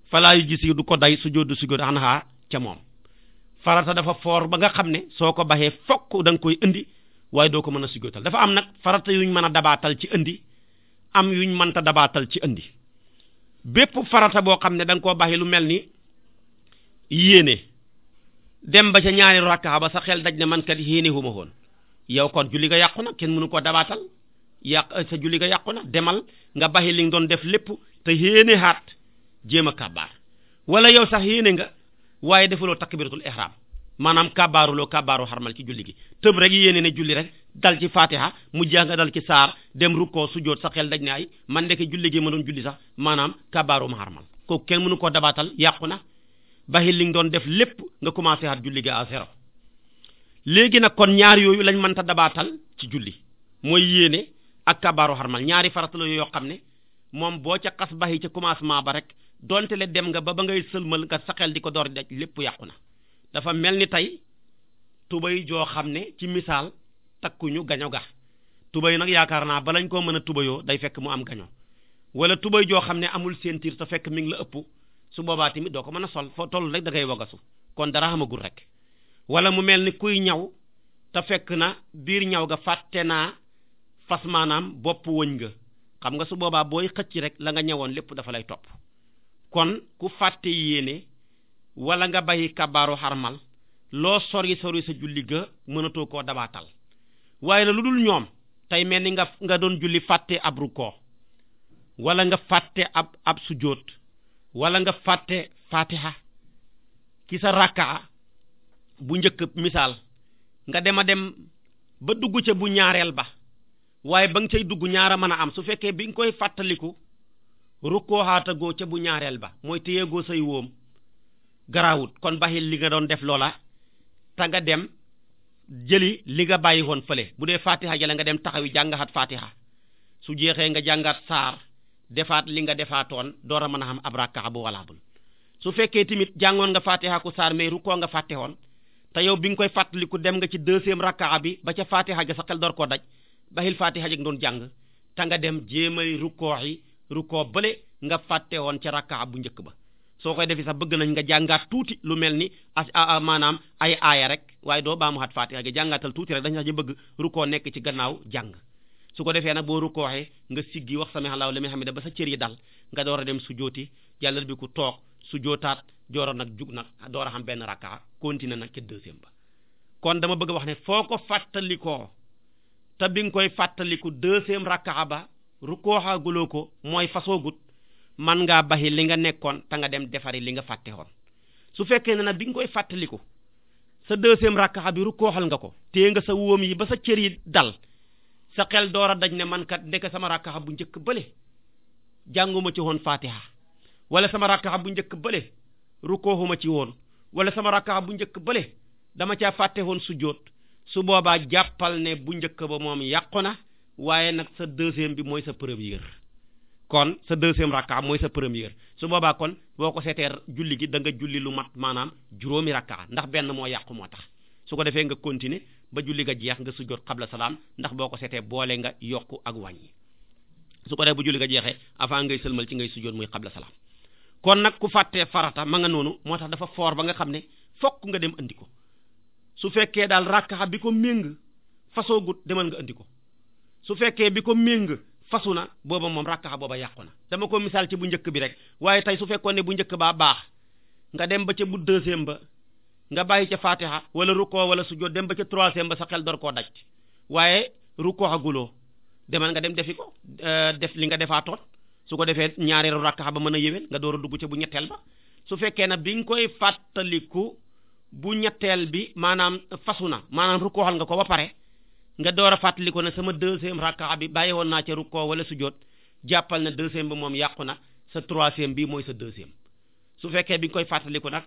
falaa yu gis du ko day sujjóot du sujjóot xanaxaa ca moom farata dafa foor ba nga xam ne soo ko baxee fokk danga koy indi waaye doo ko mën a sujjóotal dafa am nag farata yuñ mën a dabaatal ci indi am yuñ mënta dabaatal ci indi bépp farata boo xam ne danga nga koo bàyyi lu mel ni yéene dem ba ca ñaari rakka ba sa xel daj ne man kat yéene wu ma yow kon julli nga yàqu na kenn mënu koo dabaatal yàq sa julli nga yàqu na demal nga baxi li nga doon def lépp te yéene xaat jéem a kàbbaar wala yow sax yéene nga waaye defuloo takbiratul ihram maanaam kabaaruloo kabaaru xarmal ci julli gi tëb rek yéene ne julli rek dal ci fatiha mu jeex nga dal ci saar dem rukkoo sujjóot sa xel daj ne ay man ndeke julli gi ma doon julli sax maanaam kabaaru ma xarmal kooku kenn mënu koo dabaatal yàqu na baxi li nga doon def lépp nga commencé at julli gi à léegi nag kon ñaar yooyu lañ mënta dabaatal ci julli mooy yéene ak kabaaru xarmal ñaari farata la yoo xam ne moom boo ca xas baxi ca commencement ba rek donte le dem nga ba ba ngay sëlmal nga sa xel di ko door daj lépp yàqu na dafa mel ni tey tubay joo xam ne ci misaal takkuñu gaño ga tubay nag yaakaar naa balañ koo mën a tubayoo day fekk mu am gaño wala tubay joo xam ne amul sentiir te fekk mi ngi la ëpp su boobaa tamit doo ko mën a sol foo tollu rek dangay ngay wagasu kon dara xamagul rek wala mu mel ni kuy ñaw te fekk na biir ñaw ga fàtte naa fas maanaam bopp wëñ nga xam nga su boobaa booy xëcc rek la nga ñawoon lépp dafa lay topp kon ku fàtte yéene wala nga bàyyi kabaaru xarmal loo sori sori sa julli ga mënatoo koo dabaatal waaye nag lu dul ñoom tey mel ni nga nga doon julli fàtte ab rukkoo wala nga fàtte ab ab sujjóot wala nga fàtte fatiha ki sa rakkaa bu njëkk misaal nga dem a dem ba dugg ca bu ñaareel ba waaye ba nga cay dugg ñaara mën a am su fekkee bi nga koy fàttaliku rukkoo xaatagoo ca bu ñaareel ba mooy téyeegoo say woom garaawut kon baxil li nga doon def loola ta nga dem jëli li nga bàyyi woon fële bu dee fatiha la nga dem taxawi jàngaxat fatiha su jeexee nga jàngat saar defaat li nga defaatoon door a mën a xam ab rakka bu su fekkee tamit jàngoon nga fatiha ku saar mais rukkoo nga fàtte woon te yow bi nga koy fàttaliku dem nga ci deuxième rakka bi ba ca fatiha ja sa xel door koo daj baxil fatiha ja nga doon jàng ta nga dem jéemay rukkoo yi rukkoo bële nga fàtte woon ca rakka bu njëkk ba soo koy defee sax bëgg nañ nga jàngaat tuuti lu mel ni as maanaam ay aaya rek waaye doo baa mu xat fatiha nga jàngaatal tuuti rek dañ sax ñu bëgg rukkoo nekk ci gannaaw jàng su ko defee nag boo rukkooxee nga siggi wax sami Allahu liman hamida ba sa cër yi dal nga door a dem sujooti jàllal bi ku toog sujootaat jooroon nag jug nag door a xam benn rakka continuer nag ca deuxième ba kon dama bëgg a wax ne foo ko fàttalikoo te bi nga koy fàttaliku deuxième rakka ba ko mooy fasoogut man ngaa baxi li nga nekkoon te nga dem defari li nga fàtte woon su fekkee ne nag bi nga koy fàttaliku sa deuxième rakkaxa bi rukkooxal nga ko téye nga sa wóom yi ba sa cër yi dal sa xel door a daj ne man kat ndeke sama rakkaxa bu njëkk bële jànguma ci woon fatiha wala sama rakkaxa bu njëkk bële rukkooxuma ci woon wala sama rakkaxa bu njëkk bële dama caa fàtte woon sujjóot su boobaa jàppal ne bu njëkk ba moom yàqu na waaye nag sa deuxième bi mooy sa première kon sa deuxième rakka mooy sa première su boobaa kon boo ko seetee julli gi da nga julli lu mat maanaam juróomi rakka ndax benn moo yàqu moo tax su ko defee nga continuer ba julli ga jeex nga sujjóot xabla salaam ndax boo ko seetee boole nga yokk ak yi su ko defee bu julli ga jeexee avant ngay sëlmal ci ngay sujjóot muy xabla salaam kon nag ku fàttee farata ma nga noonu moo tax dafa foor ba nga xam ne fokk nga dem andi ko su fekkee daal rakka bi ko méng fasoogut demal nga andi ko fekkee bi ko méng fasu na booba moom rakkaxa booba yàqu na dama ko misaal ci bu njëkk bi rek waaye tey su fekkoon ne bu njëkk baa baax nga dem ba ca bu deuxième ba nga bàyyi ca fatiha wala rukkoo wala sujjóot dem ba ca troisième ba sa xel door koo daj waaye rukkoo aguloo demal nga dem defi ko euh, def li nga defaatoon su ko defee ñaareelu rakkaxa ba mën a yéwén nga door a dugg ca bu ñetteel ba su fekkee na bi nga koy fàttaliku bu ñetteel bi maanaam fasu na maanaam rukkooxal nga ko ba pare nga door a fàttaliku ne sama deuxième rakka bi bàyyi woon naa ca rukkoo wala su jot jàppal na deuxième bi moom yàqu na sa troisième bi mooy sa deuxième su fekkee bi nga koy fàttaliku nag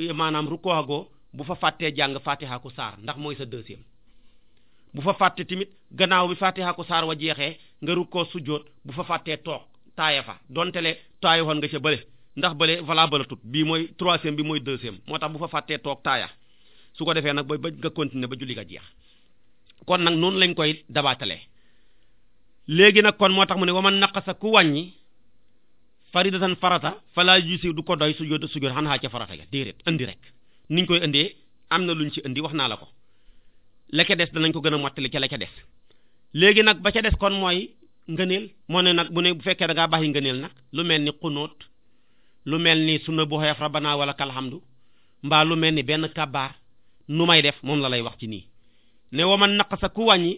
eh, maanaam rukkoo agoo bu fa fàttee jàng fatiha ku saar ndax mooy sa deuxième bu fa fàtte tamit gannaaw bi fatiha ku saar wa jeexee nga rukkoo sujjóot bu fa fàttee toog taaye fa dontele taaye woon nga ca bële ndax bële valable tut bii mooy troisième bi mooy deuxième moo tax bu fa fàttee toog taaya su ko defee nag ba ba nga continuer ba julli nga jeex kon nag noonu lañ koy dabaatale léegi nag kon moo tax mu ne waman naqasa ku wàññi faridatan farata fala yusi du ko doy sujud sujud xanaa ca farata ga déedéet indi rek niñ koy indee am na lu ñu ci indi wax naa la ko leke des danañ ko gën a mottali ca la ca des léegi nag ba ca des kon mooy ngëneel moo ne nag bu ne bu fekkee da ngaa baax yi ngëneel nag lu mel ni xunóot lu mel ni sunna bu xeef rabbana wala kalhamdu mbaa lu mel ni benn kabaar nu may def moom la lay wax ci nii ne waman naqasa ku wàññi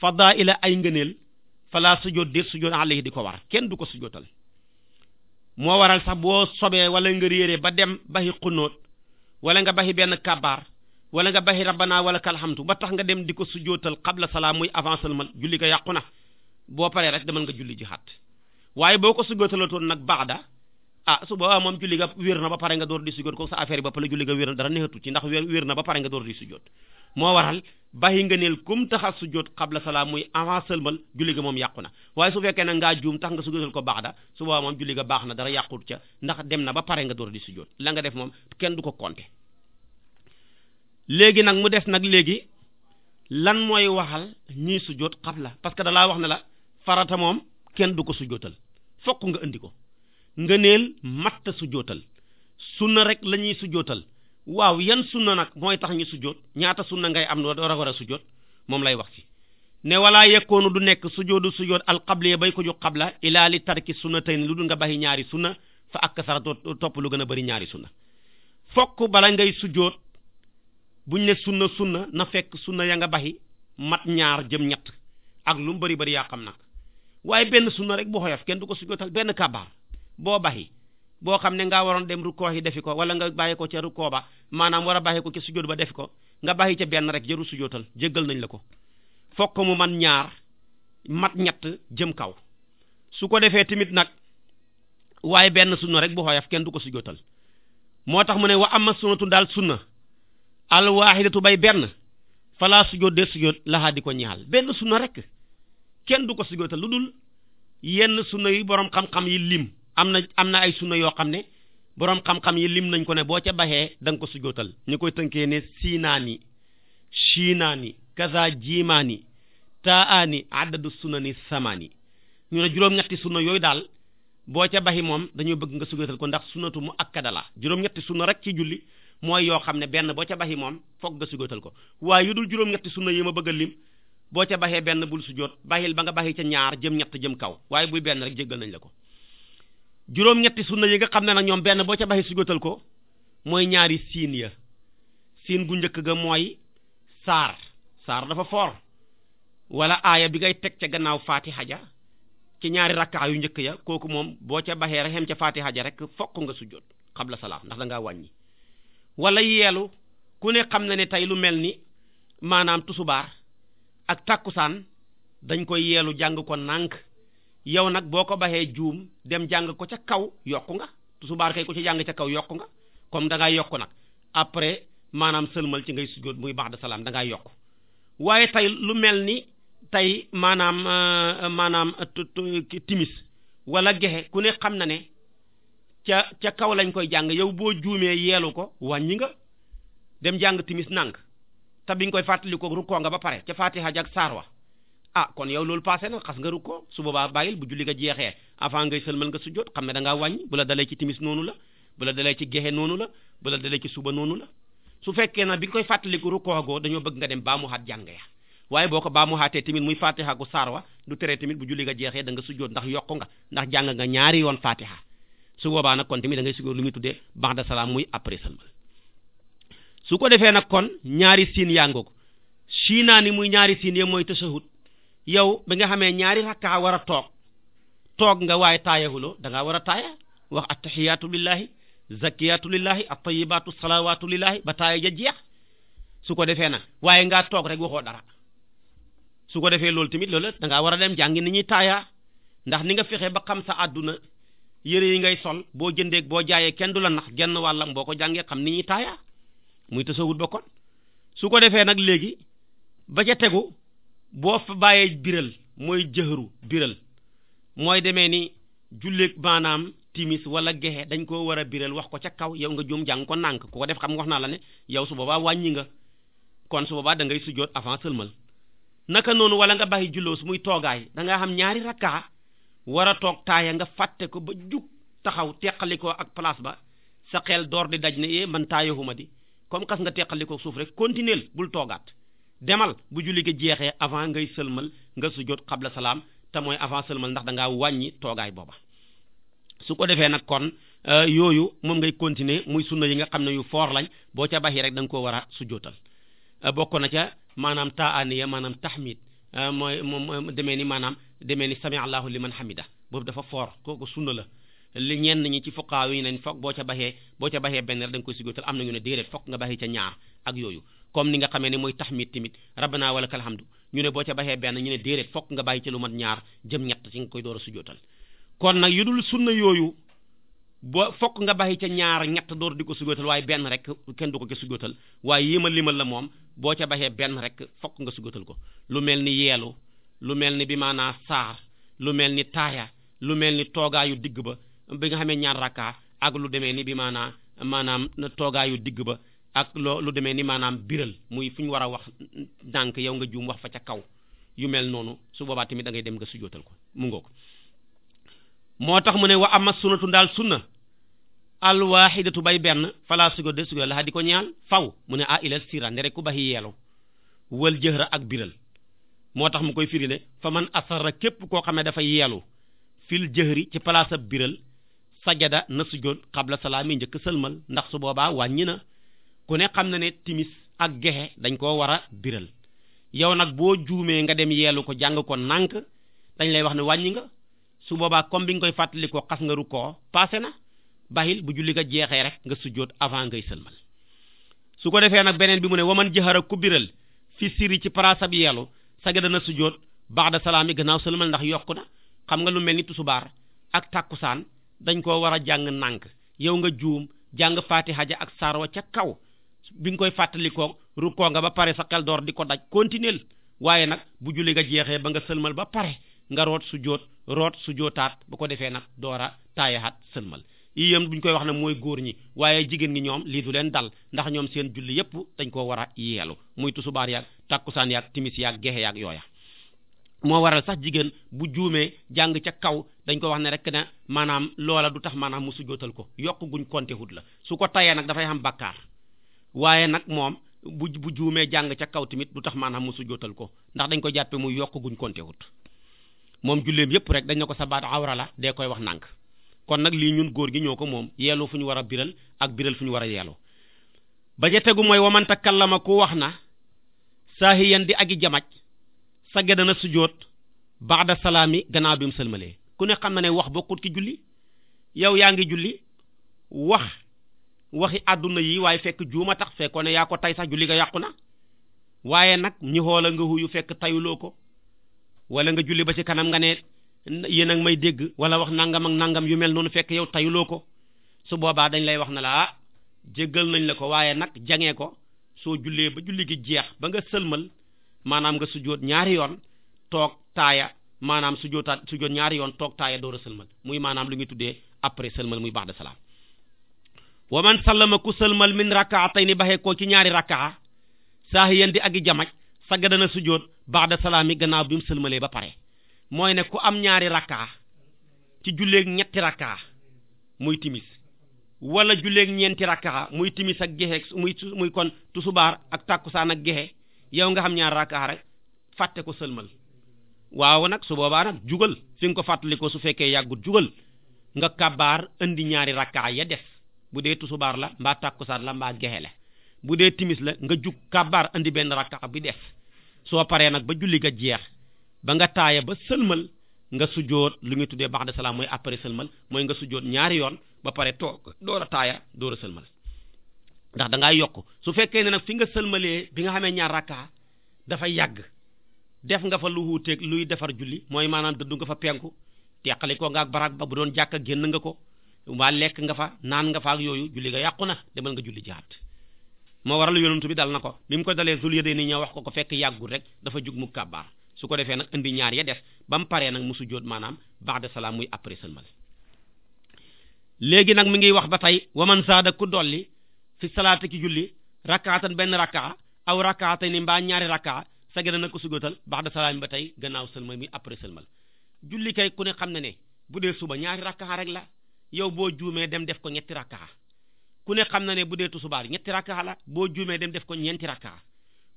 fadaila ay ngëneel fala sujjóot déet sujjóot alayhi di ko war kenn du ko sujjóotal moo waral sax boo sobee wala nga réeree ba dem baxi xunóot wala nga baxi benn kabaar wala nga baxi rabbana wala kalhamtu ba tax nga dem di ko sujjóotal qabla salaam muy avant seulement julli nga yàqu na boo paree rek demal nga julli ji xaat waaye boo ko sujjóotalatoon nag baxda ah su boobaa ah moom julli nga wér na ba pare nga door di sujjóot ko sa affaire na dara neexatu ci moo waral bàyyi nga neel kum tax a xab la salaam muy avant sëlmal julli ga moom yàqu na waaye su fekkee nag ngaa juum tax nga sujjóotal ko baax da su boobaa moom julli ga baax na dara yàqut ca ndax dem na ba pare nga door di sujjóot la nga def moom kenn du ko compter léegi nag mu des nag léegi lan mooy waxal ñii sujjóot xabla parce que dalaa wax ne la farata moom kenn du ko sujjóotal fokk nga indi ko nga neel matta sujjóotal sunna rek la ñuy sujjóotal waaw yan sunna nag mooy tax ñu sujjóot ñaata sunna ngay am noo war a war a sujjóot moom lay wax ci ne walaa yekkoonu du nekk sujjóotu sujjóot alqabliya bay ko ju xabla ilaa li tarki sunnatayn lu dul nga baxi ñaari sunna fa ak sara topp lu gën a bëri ñaari sunna fokk bala ngay sujjóot buñ ne sunna sunna na fekk sunna yaa nga baxi mat ñaar jëm ñett ak lu mu bëri bari yaa xam nag waaye benn sunna rek bu xoyof kenn du ko sujjóotal benn kabaar boo baxi boo xam ne ngaa waroon dem rukkoo yi defi ko wala nga bàyyi ko ca rukkoo ba maanaam war a bàyyi ko ca sujjóot ba defi ko nga bàyyi ca benn rek jëru sujjóotal jéggal nañ la ko fokk mu man ñaar mat ñett jëm kaw su ko defee tamit nag waaye benn sunna rek bu xoyaf kenn du ko sujjóotal moo tax mu ne am amma sunnatu daal sunna alwaahidatu bay benn fala sujjóot de sujjóot laxaa di ko ñaal benn sunna rek kenn du ko sujjóotal lu dul yenn sunna yi boroom xam yi lim am na am na ay sunna yoo xam ne boroom xam-xam yi lim nañ ko ne boo ca baxee da nga ko sujootal ñu koy tënkee ne siinaani shiinaani kaza jiimaani taani addadu sunani samaani ñu ne juróom-ñetti sunna yooyu daal boo ca baxi moom dañoo bëgg nga sujootal ko ndax sunnatu mu akkada la juróom-ñetti sunna rek ci julli mooy yoo xam ne benn boo ca baxi moom foog nga sujootal ko waaye yu dul juróom-ñetti sunna yi ma bëgg a lim boo ca baxee benn bul sujoot baxil ba nga baxi ca ñaar jëm ñett jëm kaw waaye buy benn rek jéggal nañ la ko juróom-ñetti sunna yi nga xam ne nag ñoom benn boo ca baxee sujootal ko mooy ñaari siin ya siin gu njëkk ga mooy saar saar dafa foor wala aaya bi ngay teg ca gannaaw faatiha ja ci ñaari rakkaa yu njëkk ya kooku moom boo ca baxee rek xem ca faatiha ja rek fokk nga sujoot xabla salaam ndax da ngaa wàññi wala yeelu ku ne xam na ne tey lu mel ni maanaam tusubaar ak tàkkusaan dañ koy yeelu jàng ko nànk yow nag boo ko baxee juum dem jàng ko ca kaw yokk nga subaar kay ko ci jàng ca kaw yokk nga comme da ngaa yokku nag après maanaam sëlmal ci ngay sujjóot muy baax de salaam da ngaa yokku waaye tey lu mel ni tey maanaam euh, maanaam euh, timis wala gexe ku ne xam na ne ca ca kaw lañ koy jàng yow boo juumee yeelu ko wàññi nga dem jàng timis nàng te koy nga koy fàttalikoo rukkoo nga ba pare ca fatiha ak saar wa ah kon yow loolu passé na xas nga rukkoo su boobaa bàyyil bu julli nga jeexee avant ngay sëlmal nga sujjóot xam ne danga ngaa wàññi bu la dalee ci timis noonu la bu la dalee ci gexe noonu la bu la suba noonu la su fekkee na bi nga koy fàttaliku rukkoo goo dañoo bëgg nga dem baa mu xaat jàng ya waaye boo ko baa mu xaatee tamit muy fatiha gu wa du tere tamit bu julli nga jeexee danga nga sujjóot ndax yokk nga ndax jàng nga ñaari yoon fatiha su boobaa nag kon tamit da ngay sujjóot lu muy tuddee ba'da salaam muy après sëlmal su ko defee nag kon ñaari siin yaa ngoog siinaa ni muy ñaari siin ya mooy tashahud yow bi nga xamee ñaari rakkaa war a toog toog nga waaye taayahuloo da war a taaya wax attahiyaatu lillahi zakiyatu lillahi attayibaatu salawatu lillahi ba taaya ja jeex su ko defee nag waaye ngaa toog rek waxoo dara su ko defee loolu tamit loolu da ngaa war a dem jàngi ni ñuy taaya ndax ni nga fexe ba xam sa àdduna yére yi ngay sol boo jëndeeg boo jaayee kenn du la nax genn wàllam boo ko jàngee xam ni ñuy taaya muy tasawut ba kon su ko defee nag léegi ba ca boo fa bàyyee biral mooy jëxëru biral mooy demee ni julleeg maanaam timis wala gexe dañ koo war a biral wax ko ca kaw yow nga juum jàng ko nànk ku ko def xam wax naa la ne yow su boobaa wàññi nga kon su boobaa da ngay sujjoot avant sëlmal naka noonu wala nga bàyyi julloo su muy toogaay da ngaa xam ñaari rakkaa war a toog taaya nga fàtte ko ba jug taxaw teqalikoo ak place ba sa xel door di daj ne yee eh, man taayahuma di comme xas nga teqalikoo suuf rek continuer bul toogaat demal bu julli gi jeexee avant ngay sëlmal nga sujjóot xabla salaam te mooy avant sëlmal ndax danga ngaa wàññi toogaay booba su ko defee nag kon euh, yooyu moom ngay continuer muy sunna yi nga xam ne yu foor lañ boo ca baxi rek da nga koo war a sujjóotal euh, bokk na ca maanaam taaniya maanaam tahmid euh, mooy moom demee ni maanaam demee ni sami allahu liman hamida boobu dafa foor kooku sunna la li ñenn ñi ci fuqaaw yi nañ foog boo ca baxee boo ca baxee benn rek da nga koy sujjóotal am nañu ne déedéet foog nga baxee ca ñaar ak yooyu comme ni nga xamee ne mooy tahmid tamit rabbana walakal hamdu ñu ne boo ca baxee benn ñu ne déedéet foog nga bàyyi ca lu mat ñaar jëm ñett ci nga koy door a sujjóotal kon nag yu dul sunna yooyu boo fokk nga baxi ca ñaar ñett door di ko sujjóotal waaye benn rek kenn du ko ca sujjóotal waaye yimal limal la moom boo ca baxee benn rek fokk nga sujjóotal ko lu mel ni yeelu lu mel ni bi maanaa saar lu mel ni taaya lu mel ni toogaayu digg ba bi nga xamee ñaan rakka ak lu demee ni bi maanaam maanaam toogaayu digg ba ak loo lu demee ni maanaam biral muy fu ñu war a wax ndànk yow nga juum wax fa ca kaw yu mel noonu su boobaa tamit da ngay dem nga sujootal ko mu ngoo moo tax mu ne wa ama sunnatu daal sunna alwahidatu bay benn fala sugo de sugo laxa di ko ñaal faw mu ne a ilal sira ndere ku baxi yeelu wal jëxra ak biral moo tax mu koy firi fa man asara képp koo xam ne dafa yeelu fil jëxri ci sajada na sujjóot xabla salaami njëkk sëlmal ndax su boobaa wàññi na ku ne xam na ne timis ak gexe dañ koo war a biral yow nag boo juumee nga dem yeelu ko jàng ko nànk dañ lay wax ne wàññi nga su boobaa comme bi nga koy fàttali ko xas nga rukkoo passé na bahil bu julli nga jeexee rek nga sujjóot avant ngay sëlmal su ko defee nag beneen bi mu ne waman jëxara ku biral fi siri ci parasab yeelu sajada na sujjóot ba'da salaami gannaaw sëlmal ndax yokku na xam nga lu mel ni tusubaar ak tàkkusaan dañ koo war a jàng nànk yow nga juum jàng fatiha ja ak saar ca kaw bi nga koy fàttalikoo rukkoo nga ba pare sa xel door di ko daj continuer waaye nag bu julli nga jeexee ba nga sëlmal ba pare nga root su joot root su jootaat bu ko defee nag doora taayaxaat sëlmal yi yëm bu ñu koy wax ne mooy góor ñi waaye jigéen ñi ñoom lii du leen dal ndax ñoom seen julli yépp dañ koo war a yeelu muy tusubaar yaag takkusaan yaag timis yaag gexe yaag yooya moo waral sax jigéen bu juumee jàng ca kaw dañ ko wax ne rek ne maanaam loola du tax maanaam mu sujootal ko yokk guñ konte wut la su ko tayee nag dafay am bakkaar waaye nag moom bu bu juumee jàng ca kaw tamit du tax maanaam mu sujootal ko ndax dañ ko jàppe mu yokk guñ konte wut moom julleem yépp rek dañ ne ko sa baat awra la dee koy wax nànk kon nag lii ñun góor gi ñoo ko moom yeelu fu ñu war a biral ak biral fu ñu war a yeelu ba ja tegu mooy waman takallama ku wax na saahiyan di agi jamaj sa ge dana sujoot ba'da salaami gannaaw bi mu sëlmalee ku ne xam na ne wax bokkut ci julli yow yaa ngi julli wax waxi àdduna yi waaye fekk juuma tax fekkoon ne yaa ko tay sax julli nga yàqu na waaye nag ñi xoola nga huyu fekk tayuloo ko wala nga julli ba ci kanam nga ne yéen a may dégg wala wax nangam ak nangam yu mel noonu fekk yow tayuloo ko su boobaa dañ lay wax na la ah jéggal nañ la ko waaye nag jangee ko soo jullee ba julli gi jeex ba nga sëlmal maanaam nga sujjóot ñaari yoon toog taaya maanaam su jootaat su joot ñaari yoon toog taaya door a sëlmal muy maanaam lu ñuy tuddee après sëlmal muy ba'da salaam wa man sallama ku sëlmal min rakaatayni baxee koo ci ñaari rakaa saahiyan di ak i jamaj sagga dana su joot ba'da salaam gannaaw bi mu sëlmalee ba pare mooy ne ku am ñaari rakaa ci julleeg ñetti rakaa muy timis wala julleeg ñeenti rakaa muy timis ak gexe muy muy kon tusubaar ak tàkkusaan ak gexe yow nga xam ñaari rakaa rek fàtte ko sëlmal waaw nag su boobaa nag jugal fi nga ko fàttalikoo su fekkee yàggut jugal nga kabaar indi ñaari rakkaa ya def bu dee tusubaar la mbaa tàkkusaan la mbaa gexe la bu dee timis la nga jug kàbbaar indi benn rakkaa bi def soo paree nag ba julli ga jeex ba nga taaya ba sëlmal nga sujjóot lu ñu tuddee ba'da salaam mooy après sëlmal mooy nga sujjóot ñaari yoon ba pare toog door a taaya door a sëlmal ndax da ngaa yokk su fekkee ne nag fi nga sëlmalee bi nga xamee ñaar rakkaa dafa yàgg def nga fa lu wuuteeg luy defar julli mooy maanaam dëddu nga fa penku teqali ko nga ak baraag ba bu doon jàkka génn nga ko waa lekk nga fa naan nga fa ak yooyu julli nga yàqu na demal nga julli jihaat moo waral yonentu bi dal na ko bi mu ko dalee zul ni ñoo wax ko ko fekk yàggul rek dafa jug mu kàbbaar su ko defee nag indi ñaar ya def ba mu paree nag mu sujjóot maanaam ba'da salaam muy après sëlmal nag mi ngi wax ba tey waman saada ku dolli fi salaata ki julli rakaatan benn rakaa aw rakaatay ni mbaa ñaari rakaa sagina na ko sujootal ba'da salaam ba tey gannaaw sëlmal mi après sëlmal julli kay ku ne xam na ne bu dee suba ñaari rakkaxa rek la yow boo juumee dem def ko ñetti rakkaxa ku ne xam na ne bu dee tusubaar ñetti rakkaxa la boo juumee dem def ko ñeenti rakkaxa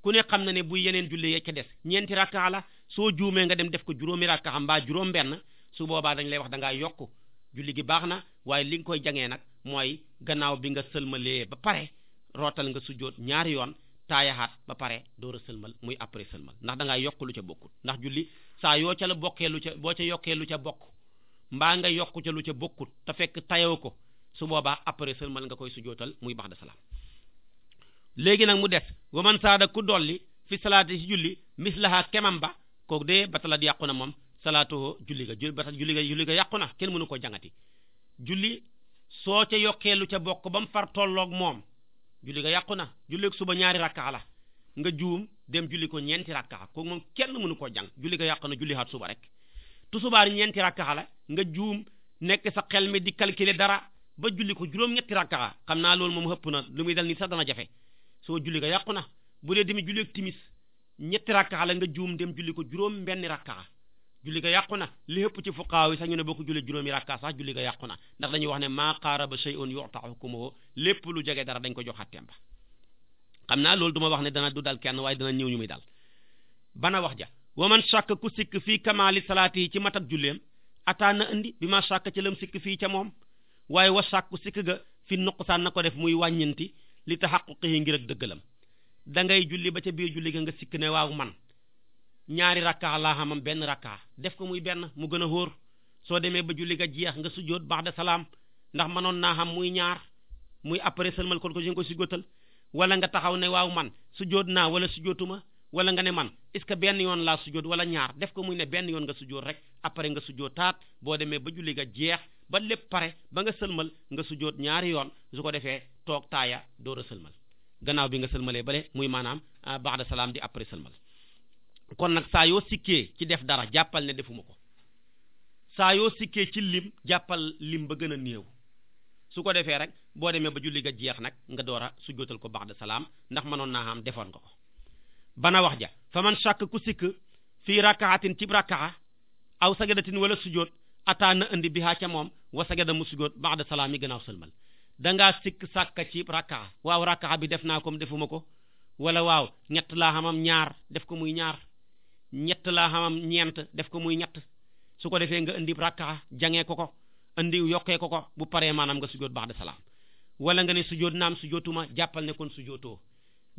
ku ne xam na ne bu yeneen julli ya ca des ñeenti rakkaxa la soo juumee nga dem def ko juróomi rakkaxa mbaa juróom benn su boobaa dañ lay wax da ngaa yokk julli gi baax na waaye li nga koy jangee nag mooy gannaaw bi nga sëlmalee ba pare rootal nga sujjoot ñaari yoon taayaxaat ba pare door a sëlmal muy après sëlmal ndax da ngaa yokk lu ca bokkut ndax julli saa yoo ca la bokkee lu ca boo ca yokkee lu ca bokk mbaa nga yokk ca lu ca bokkut te fekk tayoo ko su boobaa après sëlmal nga koy sujootal muy bax da salaam léegi nag mu des waman saada ku dolli fi salaati si julli mislaha kemam ba ko dee batalat yàqu na moom salaatuho julli ga batal julli ga julli ga yàqu na kenn mënu ko jangati julli soo ca yokkee lu ca bokk ba mu far tolloog moom julli nga yàqu na julli suba ñaari rakka la nga juum dem julli ko ñeenti rakka kooku moom kenn mënu koo jàng julli nga yàqu na julli xaat suba rek tusubaar ñeenti rakka la nga juum nekk sa xel mi di calculer dara ba julli ko juróom-ñetti rakka xam naa loolu moom xëpp na lu muy dal ni sax dana jafe soo julli nga yàqu na bu dee demi julli ak timis ñetti rakka la nga juum dem julli ko juróom benn rakka julli ga yàqu na li ëpp ci fuqaaw yi sax ñu ne boo ko jullee juróomi rakka sax julli ga yàqu na ndax dañuy wax ne maa qaaraba shay'un yu'ta hukmuhu lépp lu jege dara dañ ko jox àtteem ba xam naa loolu duma wax ne dana du dal kenn waaye dana ñëw ñu muy dal bana wax ja wa man shakka ku sikk fii kamaali salaati yi ci mat ak julleem ataa na indi bi ma shakka ci lam sikk fii ca moom waaye wa shakku sikk ga fi nuqsaan na ko def muy wàññinti li tahaqquqihi ngir ak dëggalam da ngay julli ba ca biir julli ga nga sikk ne waaw man ñaari rakka laa xamam benn rakka def ko muy benn mu gën a wóor soo demee ba julli ga jeex nga sujjóot baax de salaam ndax mënoon naa xam muy ñaar muy après sëlmal kon ko si nga koy sujjóotal wala nga taxaw ne waaw man sujjóot naa wala sujjóotuma wala nga ne man est ce que benn yoon laa sujjóot wala ñaar def ko muy ne benn yoon nga sujjóot rek après nga sujjóotaat boo demee ba julli ga jeex ba lépp pare ba nga sëlmal nga sujjóot ñaari yoon su ko defee toog taaya door a sëlmal gannaaw bi nga sëlmalee bale muy maanaam ah, baax de salaam di après sëlmal kon nag saa yoo sikkee ci def dara jàppal ne defuma ko saa yoo sikkee ci lim jàppal lim ba gën a néew su ko defee rek boo demee ba julli ga jeex nag nga door a sujjóotal ko ba'da salaam ndax mënoon naa am defoon nga ko bana wax ja fa man shàkk ku sikk fii rakaatin cib rakaa aw sagadatin wala sujjóot ataana indi bihaa ca moom wa sagada mu sujjóot ba'da salaam yi gënaaw sëlmal dangaa sikk sàkka ci rakaa waaw rakaa bi def naa kom defuma ko wala waaw ñett laa xamam ñaar def ko muy ñaar ñett laa xamam ñeent def ko muy ñett su ko defee nga indi rakka jangee ko ko indi yokkee ko ko bu paree maanaam nga sujjóot ba'da salaam wala nga ne sujjóot naam sujjóotuma jàppal ne kon sujjóotoo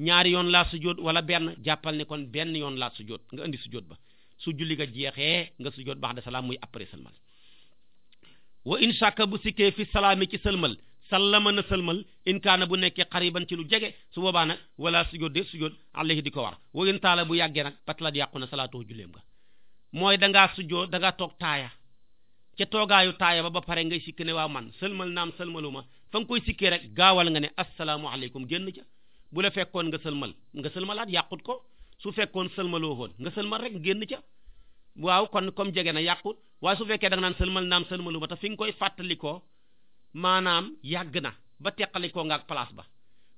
ñaari yoon laa sujjóot wala benn jàppal ne kon benn yoon laa sujjóot nga indi sujjóot ba su julli nga jeexee nga sujjóot ba'da salaam muy après sëlmal wa in shakka bu sikkee fi salaami ci sëlmal sallama na sëlmal in kaana bu nekkee xariban ci lu jege su boobaa nag wala sujjóot de sujjóot alayhi di ko war wa in taala bu yàggee nag batalat yàqu na salaatu julleem nga mooy dangaa sujjóot dangaa toog taaya ca toogaayu taaya ba ba pare ngay sikk ne waa man sëlmal naam sëlmaluma fa nga koy sikkee rek gaawal nga ne asalaamualeykum génn ca bu la fekkoon nga sëlmal nga sëlmalaat yàqut ko su fekkoon sëlmaloo woon nga sëlmal rek génn ca waaw kon comme jege na yàqut waaye su fekkee da nga naan sëlmal naam sëlmaluma te fi nga koy fàttalikoo maanaam yàgg na ba teqalikoo nga ak place ba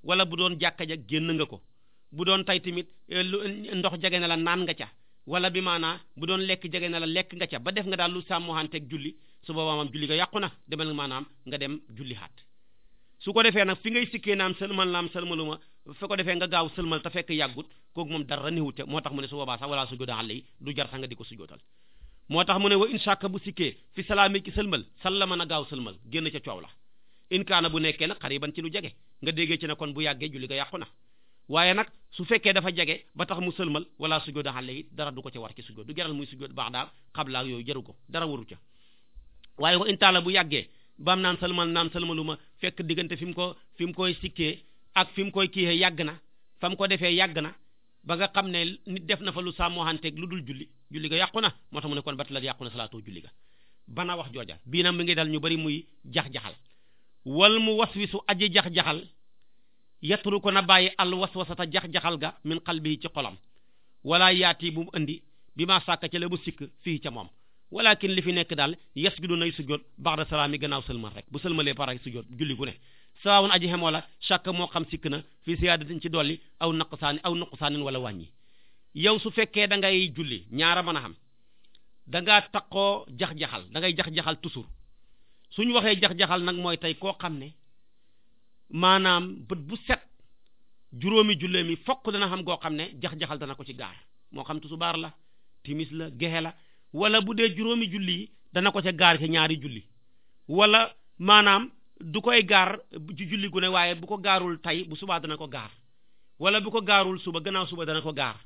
wala bu doon jàkka ja génn nga ko bu doon tey tamit eh, ndox jege na la naan nga ca wala bi maanaa bu doon lekk jege na la lekk nga ca ba def nga daal lu sàmmohanteeg julli su boobaa maam julli nga yàqu na demal maanaam nga dem julli xaat su ko defee nag fi ngay sikkee naam sëlmal laam sëlmaluma fe ko defee nga gaaw sëlmal te fekk yàggut kooku moom dara niwute moo tax mu ne su boobaa sax wala sujjóotal yi du jar nga di ko sujjóotal moo tax mu ne wa inshaka bu sikkee fi salaami ci sëlmal sallama na gaaw sëlmal génn ca coow la inkaana bu nekkee nag xariban ci lu jege nga déggee ci ne kon bu yàggee julli ga yàqu na waaye nag su fekkee dafa jege ba tax mu sëlmal wala sujjóoda alayhi dara du ko ca war ci sujjóot du jaral muy sujjóot baax daal xablaak yooyu jaru ko dara waru ca waaye wa intaala bu yàggee baam naan sëlmal naan sëlmaluma fekk diggante fi mu ko fi mu koy sikkee ak fi mu koy kiiyee yàgg na fa ko defee yàgg na ba nga xam ne nit def na fa lu sàmmohanteeg lu dul julli julli ga yàqu na moo tax mu ne kon la yàqu na salaatoo julli ga bana wax jooja bii nag mi ngi dal ñu bari muy jax-jaxal wal mu wisu aji jax-jaxal yatru ko na bàyyi al waswasata jax-jaxal ga min qalbihi ci xolam wala yaati bu mu indi bi maa sàkk ca la mu sikk fii ca moom walakin li fi nekk daal yasjudu nay sujjóot ba'da salaam yi gannaaw sëlmal rek bu sëlmalee pare sujjóot julli gu ne sawaawun aji xem la chàkk moo xam sikk na fii siyaadatin ci dolli aw saani aw naqsaanin wala wàññi yow su fekkee da ngay julli ñaara mën a xam da ngaa taqoo jax-jaxal da jax-jaxal toujours ñu waxee jax-jaxal nag mooy tey koo xam ne maanaam bët bu set juróomi jullee mi fokk dana xam goo xam ne jax-jaxal dana ko ci gaar moo xam tusubaar la timis la gexe la wala bu dee juróomi julli yi dana ko ca gaar ci ñaari julli wala maanaam du koy gaar julli gu ne waaye bu ko gaarul tey bu subaa dana ko gaar wala bu ko gaarul suba gannaaw suba dana ko gaar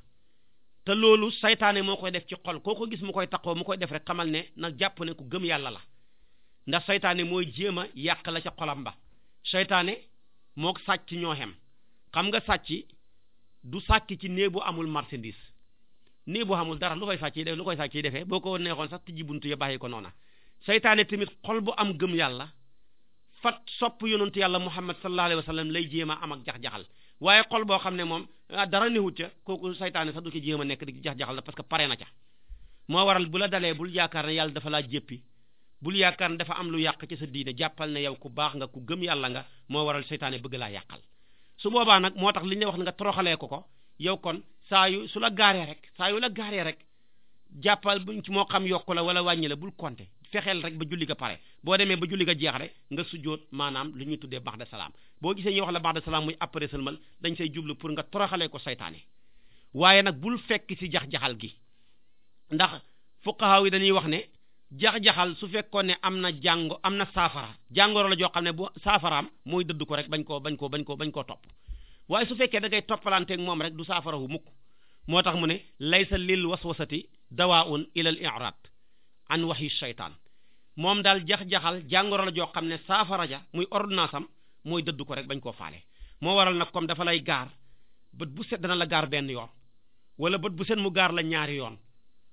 te loolu seytaane moo koy def ci xol koo ko gis mu koy taxoo mu koy def rek xamal ne na jàpp ne ku gëm yàlla la ndax seytaane mooy jéem a yàq la ca xolam ba seytaane moo sàcc ñoo xem xam nga sàcc du sàcc ci néeg bu amul marchandise nii bu xamul dara lu koy sàcc yi def lu koy sàcc yi defee boo ko neexoon sax tijji buntu ya bàyyi ko noona seytaane tamit xol bu am gëm yàlla fat sopp yonentu yàlla muhammad sallallahu sa wa sallam lay jéem a am ak jaxal waaye xol boo xam ne moom ah, dara newut ca kooku seytaane sax du ko jéem a nekk di jax-jaxal la parce que pare na ca moo waral bu la dalee bul yaakaar ne yàlla dafa laa jéppi bul yaakaar ne dafa am lu yàq ci sa diine jàppal ne yow ku baax nga ku gëm yàlla nga moo waral seytaane bëgg laa yàqal su boobaa nag moo tax li ñu wax nga toroxalee ko ko yow saa yu su la gaaree rek saa yu la gaaree rek jàppal buñ ci moo xam yokku la wala wàññi la bul compter fexeel rek ba julli ko pare boo demee ba julli ga jeex rek nga sujjóot maanaam lu ñuy tuddee baax de salaam boo gisee ñu wax la bax de salaam muy après sëlmal dañ say jublu pour nga toroxalee ko saytaane waaye nag bul fekk ci jax-jaxal gi ndax fuqaha yi dañuy wax ne jax su fekkoon ne am na jàngo am na saafara jàngoro la joo xam ne bu saafaraam mooy dëdd ko rek bañ koo bañ koo bañ koo bañ koo topp waaye su fekkee dangay ngay moom rek du saafara saafarawu mukk moo tax mu ne laysa lil waswasati dawaun ila al i'rad an waxyi shaytaan moom daal jax-jaxal jàngoro la joo xam ne saafara ja muy ordonnance mooy dëdd ko rek bañ koo faale moo waral nag comme dafa lay gaar bët bu set dana la gaar benn yoon wala bët bu set mu gaar la ñaari yoon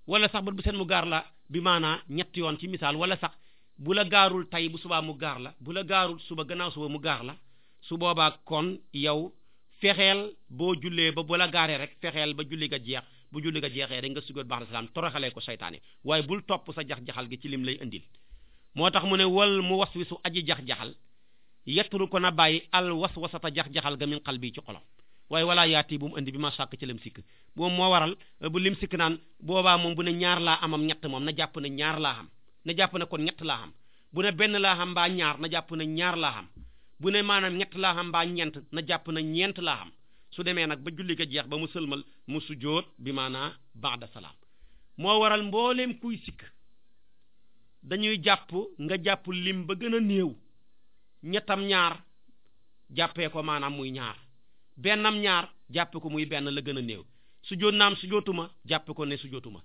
wala sax bët bu set mu gaar la bi maanaa ñetti yoon ci misaal wala sax bu la gaarul tey bu subaa mu gaar la bu la gaarul suba gannaaw suba mu gaar la su boobaa kon yow fexeel boo jullee ba bu la gaaree rek fexeel ba julli ga jeex bu julli ga jeexee rek nga sujoot ba'da salaam toroxalee ko seytaane waaye bul topp sa jax-jaxal gi ci lim lay indil moo tax mu ne wal mu waswisu aji jax-jaxal yettulu ko na bàyyi al waswasata jax-jaxal ga min qalbi ci xolam waaye walaa yaati bu mu indi bi ma sàkk ci lim sikk boobu moo waral euh, bu lim sikk naan boobaa moom bu ne ñaar laa amam ñett moom na jàpp ne ñaar laa am na jàpp ne kon ñett laa am bu ne benn laa ñaar na jàpp ne ñaar laa am bu ne maanaam ñett laa xam mbaa ñeent na jàpp na ñeent laa am su demee nag ba julli ga jeex ba mu sëlmal mu sujjóot bi maanaa ba'da salaam moo waral mbooleem kuy sikk dañuy jàpp nga jàpp lim ba gën a néew ñettam ñaar jàppee ko maanaam muy ñaar bennam ñaar jàppee ko muy benn la gën a néew sujjóot naam sujjóotuma jàpp ko ne sujjóotuma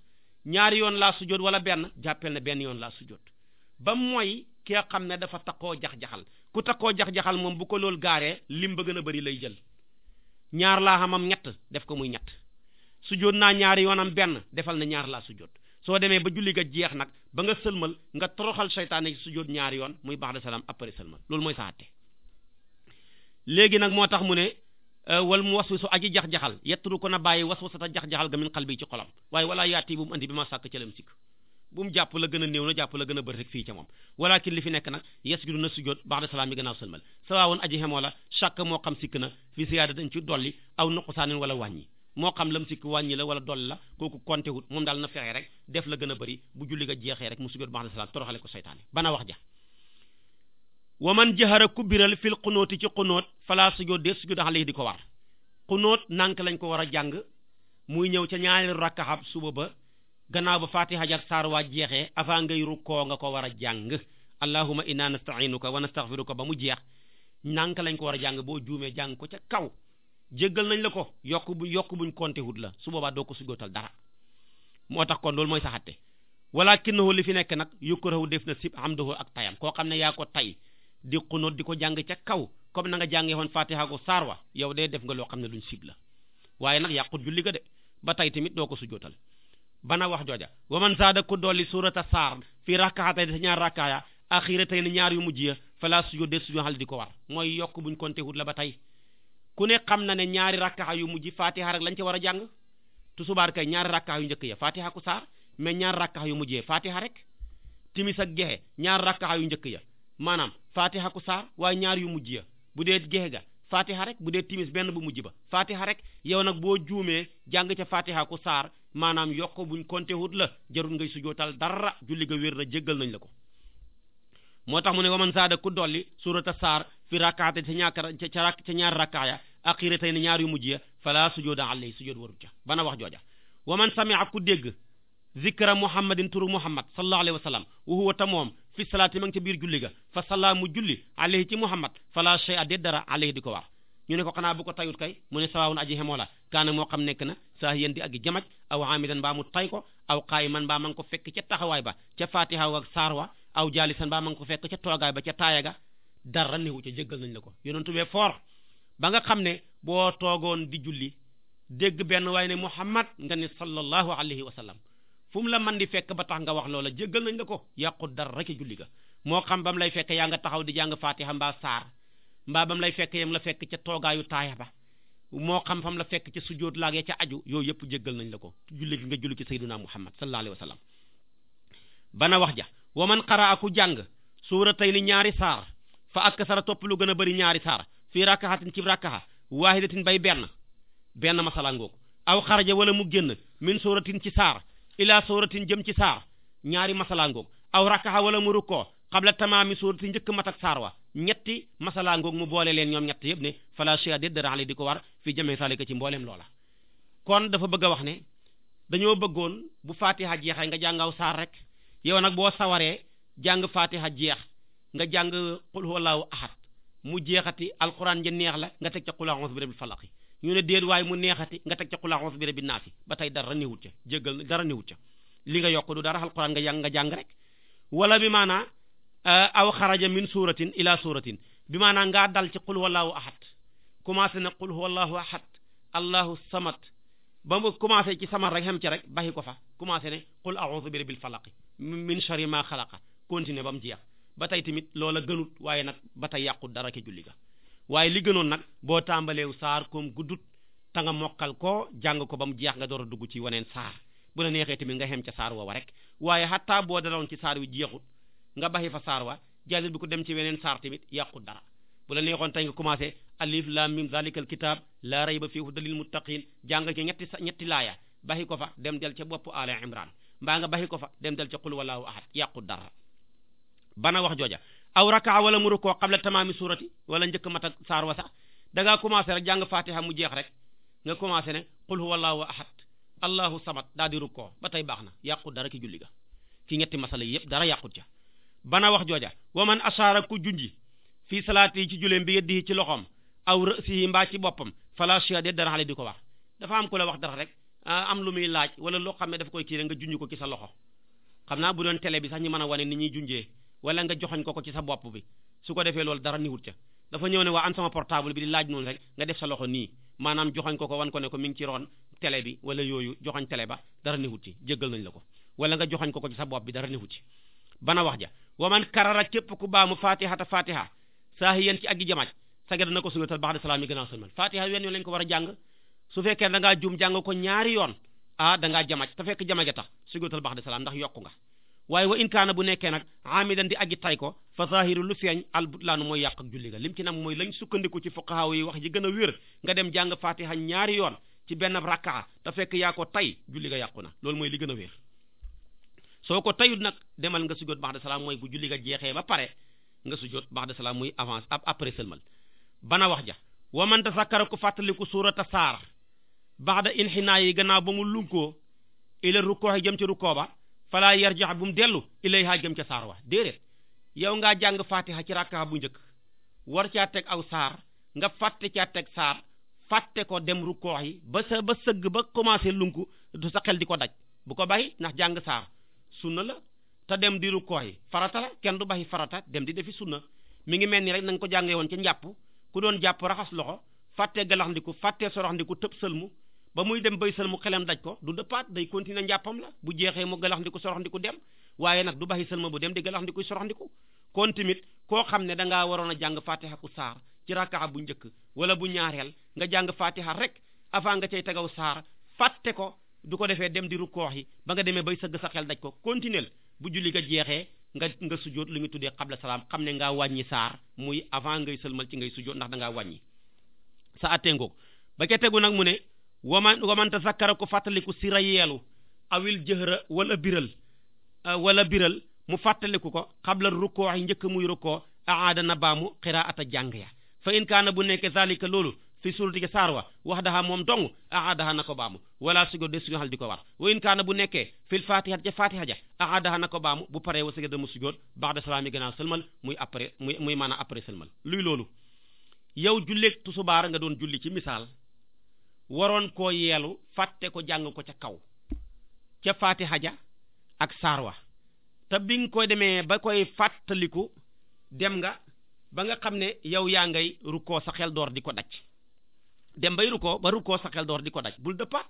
ñaari yoon laa sujjóot wala benn jàppel na benn yoon laa sujjóot ba mooy ki nga xam ne dafa takkoo jax-jaxal ku takkoo jax-jaxal moom bu ko loolu gaaree lim ba gën a bari lay jël ñaar laa xamam ñett def ko muy ñett sujjóot naa ñaari yoonam benn defal na ñaar laa sujjóot soo demee ba julli ga jeex nag ba nga sëlmal nga toroxal seytaane ci sujjóot ñaari yoon muy ba'da salaam après sëlmal loolu mooy sa àtte léegi nag moo tax mu ne euh, wal mu waswisu aji jax-jaxal yetturu ko na bàyyi waswasata jax-jaxal ga min xal bi ci xolam waaye walaa yaati bu mu ma sàkk ca lam sikk bu mu jàpp la gën a néew na jàpp la gën a bëri rek fii ca moom walakin li fi nekk nag yasjudu na sujjóot ba'da xam sikk na fi siyaada dañ ci dolli aw nuqsaanin wala wàññi moo xam lam sikk wàññi la wala dolli la kooku konte wut moom daal na fexe rek def la gën a bëri bu julli nga jeexee rek mu sujjóot ba'da salaam toroxale ko seytaane bana wax ja wa man jahara ku biral fil xunooti ci xunóot fala sujjóot dee sujjóot alayhi di ko war xunóot nank lañ ko war a jàng muy ñëw ca ñaareelu rakkaxab suba ba gannaaw ba fatiha jak saar waa jeexee avant ngay rukkoo nga ko war a jàng allahuma inna nasta'inuka wa nastaghfiruka ba mu jeex nanka lañ ko war a jàng boo juumee jàng ko ca kaw jéggal nañ la ko yokk bu yokk buñ konte hut la su boobaa doo ko sujootal dara moo tax kon loolu mooy saxatte walakinahu li fi nekk nag yukrahu def na sib hamdahu ak tayam koo xam ne yaa ko tay di xunóot di ko jàng ca kaw comme na nga jàngee woon fatiha ko saar wa yow dee def nga loo xam ne luñ sib la waaye nag yàqut julli ga de ba tay tamit doo ko sujootal bana wax jooja saa saada ku dolli suurata saar fii rakkaatay sa ñaar rakkaaya axiratay ni ñaar yu mujj ya fala sujud de sujud xal di ko war mooy yokk buñ konte wut la ba tey ku ne xam na ne ñaari rakkaxa yu mujj fatiha rek lañ ca war a jàng tusubaar kay ñaari rakkaxa yu njëkk ya fatiha ku saar mais ñaari rakkaxa yu mujjee fatiha rek timis ak gexe ñaar rakkaxa yu njëkk ya maanaam fatiha ku saar waaye ñaar yu mujj ya bu dee gexe ga fatiha rek bu dee timis benn bu mujj ba fatiha rek yow nag boo juumee jàng ca fatiha ku saar maanaam yokk buñ compté wut la jarul ngay sujootal dara julli ga wér na jéggal nañ la ko moo tax mu ne waman saada ku dolli surata saar fi rakaate ca ñaakar ca ca ñaar rakkaaya axira tey ne ñaar yu mujj ya fala sujooda alay sujood warut ca bana wax jooja waman ak ku dégg zikra muhammadin turu muhammad sallallahu alayhi wa sallam wa huwa ta moom fi salaati ca biir julli ga fa salla mu julli alayhi ci muhammad fala shay a dee dara alayhi di ko war ñu ne ko xanaa bu ko tayut kay mu ne sawaawun aji xemoola kaana moo xam nekk na saa yéen di ak jamaj aw amidan mbaa mu tay ko aw xaayiman baa ma nga ko fekk ca taxawaay ba ca fatiha wa saar wa aw jaalisan mbaa ma nga ko fekk ca toogaay ba ca taaya ga dara newu ca jëggal nañ la ko yonentu bee foor ba nga xam ne boo toogoon di julli dégg benn waaye ne muhammad nga ni sallallahu alayhi wa sallam fu mu la man di fekk ba tax nga wax loola jéggal nañ la ko yàqu dara ca julli ga moo xam ba lay fekk yaa nga taxaw di jàng fatiha mbaa saar mbaa bam lay fekk yam la fekk ca toogaayu taaya ba moo xam fam la fekk ca sujjóot laag ya ca aju yooyu yëpp jéggal nañ la ko julli gi nga julli ci sayyiduna muhammad sallallahu alayhi wa sallam bana wax ja wa man qaraa ku jàng suuratayni ñaari saar fa akasara topp lu gën a bëri ñaari saar fii rakahatin ci rakaha waahidatin bay benn benn masala ngoog aw xaraja wala mu génn min suratin ci saar ila suratin jëm ci saar ñaari masala ngoog aw rakaha wala mu rukkoo xabla tamaami suurati njëkk mat ak saar ñetti masala ngoog mu boole leen ñoom ñett yëpp ne fala shay'a déet dara ale di ko war fi jëmee salika ci mbooleem loola kon dafa bëgg a wax ne dañoo bëggoon bu fatiha jeexee nga jàngaw saar rek yow nag boo sawaree jàng fatiha jeex nga jàng qul huwallahu ahad mu jeexati alquran ja neex la nga teg ca qul a'udhu bi rabbil yi ñu ne déet waaye mu neexati nga teg ca qul a'udhu bi rabbin naasi ba tey dara néewut ca jéggal dara néewut ca li nga yokk du dara alquran nga jàng nga jàng rek wala bi maanaa aw xaraja min suratin ila suratin bi maanaam ngaa dal ci qul wallahu ahad commencé na qul wallahu ahad allahu samad ba mu commencé ci samad rek xam ci rek baxi ko fa commencé ne qul a'udhu bi rabbil falaq min sharri ma xalaqa continué ba mu jeex ba tey tamit loola gënut waaye nag ba tey yàqut dara ki julli ga waaye li gënoon nag boo tàmbaleew saar koom guddut ta nga mokkal ko jàng ko ba mu jeex nga door a dugg ci waneen saar bu la neexee tamit nga xem ca saar woowa rek waaye xataa boo daloon ci saar wi jeexut nga baxi fa saar wa jàllil bi ko dem ci weneen saar tamit yàqu dara bu la neexoon tey nga commencé alif lam mim zalikal kitab la rayba fihi hudalil muttaqin jàng ci ñetti ñetti laaya baxi ko fa dem del ca boppu ala imran mbaa nga baxi ko fa dem del ca qul wallahu ahad yàqu dara bana wax jooja aw rakaa wala mu rukoo qabla tamaami suurati wala njëkk mat ak saar wa sax da ngaa commencé rek jàng fatiha mu jeex rek nga commencé ne qul huwallahu ahad allahu samad daa di rukkoo ba tey baax na yàqu dara ki julli ñetti masala yëpp dara yàqut ca bana wax jooja wa man ashaara ku junji fii salaati yi ci juleem bi yeddi ci loxoom aw rësihi mbaa ci boppam fala chia de dara xale di ko wax dafa am ku la wax dara rek am lu muy laaj wala loo xam ne daf koy kii rek nga junj ko ci sa loxo xam naa bu doon tele bi sax ñu mën a wane ni ñuy junjee wala nga joxoñ ko ko ci sa bopp bi su ko defee loolu dara niwut ca dafa ñëw ne waa am sama portable bi di laaj noonu rek nga def sa loxo nii maanaam joxoñ ko ko wan ko ne ko mu ngi ci roon tele bi wala yooyu joxoñ télé ba dara niwut ci jéggal nañ la ko wala nga joxoñ ko ko ci sa bopp bi dara niwut ci bana wax ja wa waman karara képp ku baamu fatihata fatiha saahiyan ci aggi jamaaj sagada na ko sunatal ba'da salaam yi gënaaw sëlmal fatiha wenn yoon lañ ko war a jàng su fekkee da ngaa juum jàng ko ñaari yoon ah da ngaa jamaaj te fekk jamaaj a tax sunatal ba'da salaam ndax yokku nga waaye wa in kaana bu nekkee nag amidan di aggi tay ko fa zahiru lu feeñ albutlaanu mooy yàq ak julli ga lim ci nam mooy lañ sukkandiku ci fuqaha yi wax ji gën a wér nga dem jàng fatiha ñaari yoon ci benn rakkaa te fekk yaa ko tay julli ga yàqu na loolu mooy li gën a wér soo ko tayut nag demal nga sujjóot ba'da salaam mooy bu julli ga jeexee ba pare nga sujjóot ba'da salaam muy avance ab après sëlmal bana wax ja wa man tasakkara ku fàttaliku suurata saar ba'da inxinaa yi gannaaw ba mu lunkoo ila rukkooxe jëm ci rukkoo ba falaa yarjax bu mu dellu ilayha jëm ca saar wa déedéet yow ngaa jàng fatiha ci rakka bu njëkk war caa teg aw saar nga fàtte caa teg saar fàtte ko dem rukkoox yi ba sëgg ba commencé lunku du sa xel di ko daj bu ko bàyyi ndax jàng saar sunna la te dem diru kooy farata la kenn du baxi farata dem di defi sunna mi ngi mel ni rek na nga ko jàngee woon ca njàpp ku doon jàpp raxas loxo fàttee galaxndiku fàttee soroxndiku tëb sëlmu ba muy dem bay sëlmu xelam daj ko du dëppaat day continuer njàppam la bu jeexee mu galaxndiku soroxndiku dem waaye nag du baxi sëlma bu dem di galaxndiku soroxndiku kon tamit koo xam ne dangaa waroon a jàng fatiha ku saar ci rakaxa bu njëkk wala bu ñaareel nga jàng fatiha rek avant nga cay tegaw du ko defee dem di rukkoox yi ba nga demee bay sëgg sa xel daj ko continuel bu julli nga jeexee nga nga sujjóot lu ñu tuddee xabla salaam xam ne ngaa wàññi saar muy avant ngay sëlmal ci ngay sujjóot ndax dangaa wàññi sa attengoog ba ca tegu nag mu ne waman waman tasakkara ko fàttaliku si rayeelu awil jëhra wala biral euh, wala biral mu fàttaliku ko xabla rukkoox yi njëkk muy rukkoo aada na baamu xiraata jàng ya fa in kaana bu nekkee zalika loolu fi suurati ca saar wa wax daha moom dong ahadaha na ko baamu wala sugo de suñu xal di ko war wa in kaana bu nekkee fil fatiha ca fatiha ja ahadaha na ko baamu bu paree wa sëga dama sujoot ba'da salaami gannaaw sëlmal muy après muy muy maanaam après sëlmal luy loolu yow julleeg tusubaar nga doon julli ci misaal waroon koo yeelu fàtte ko jàng ko ca kaw ca fatiha ja ak saar wa te bi nga koy demee ba koy fàttaliku dem nga ba nga xam ne yow yaa ngay rukkoo sa xel door di ko daj dem bayru ko waru koo sa xel door di ko daj bul dëppaat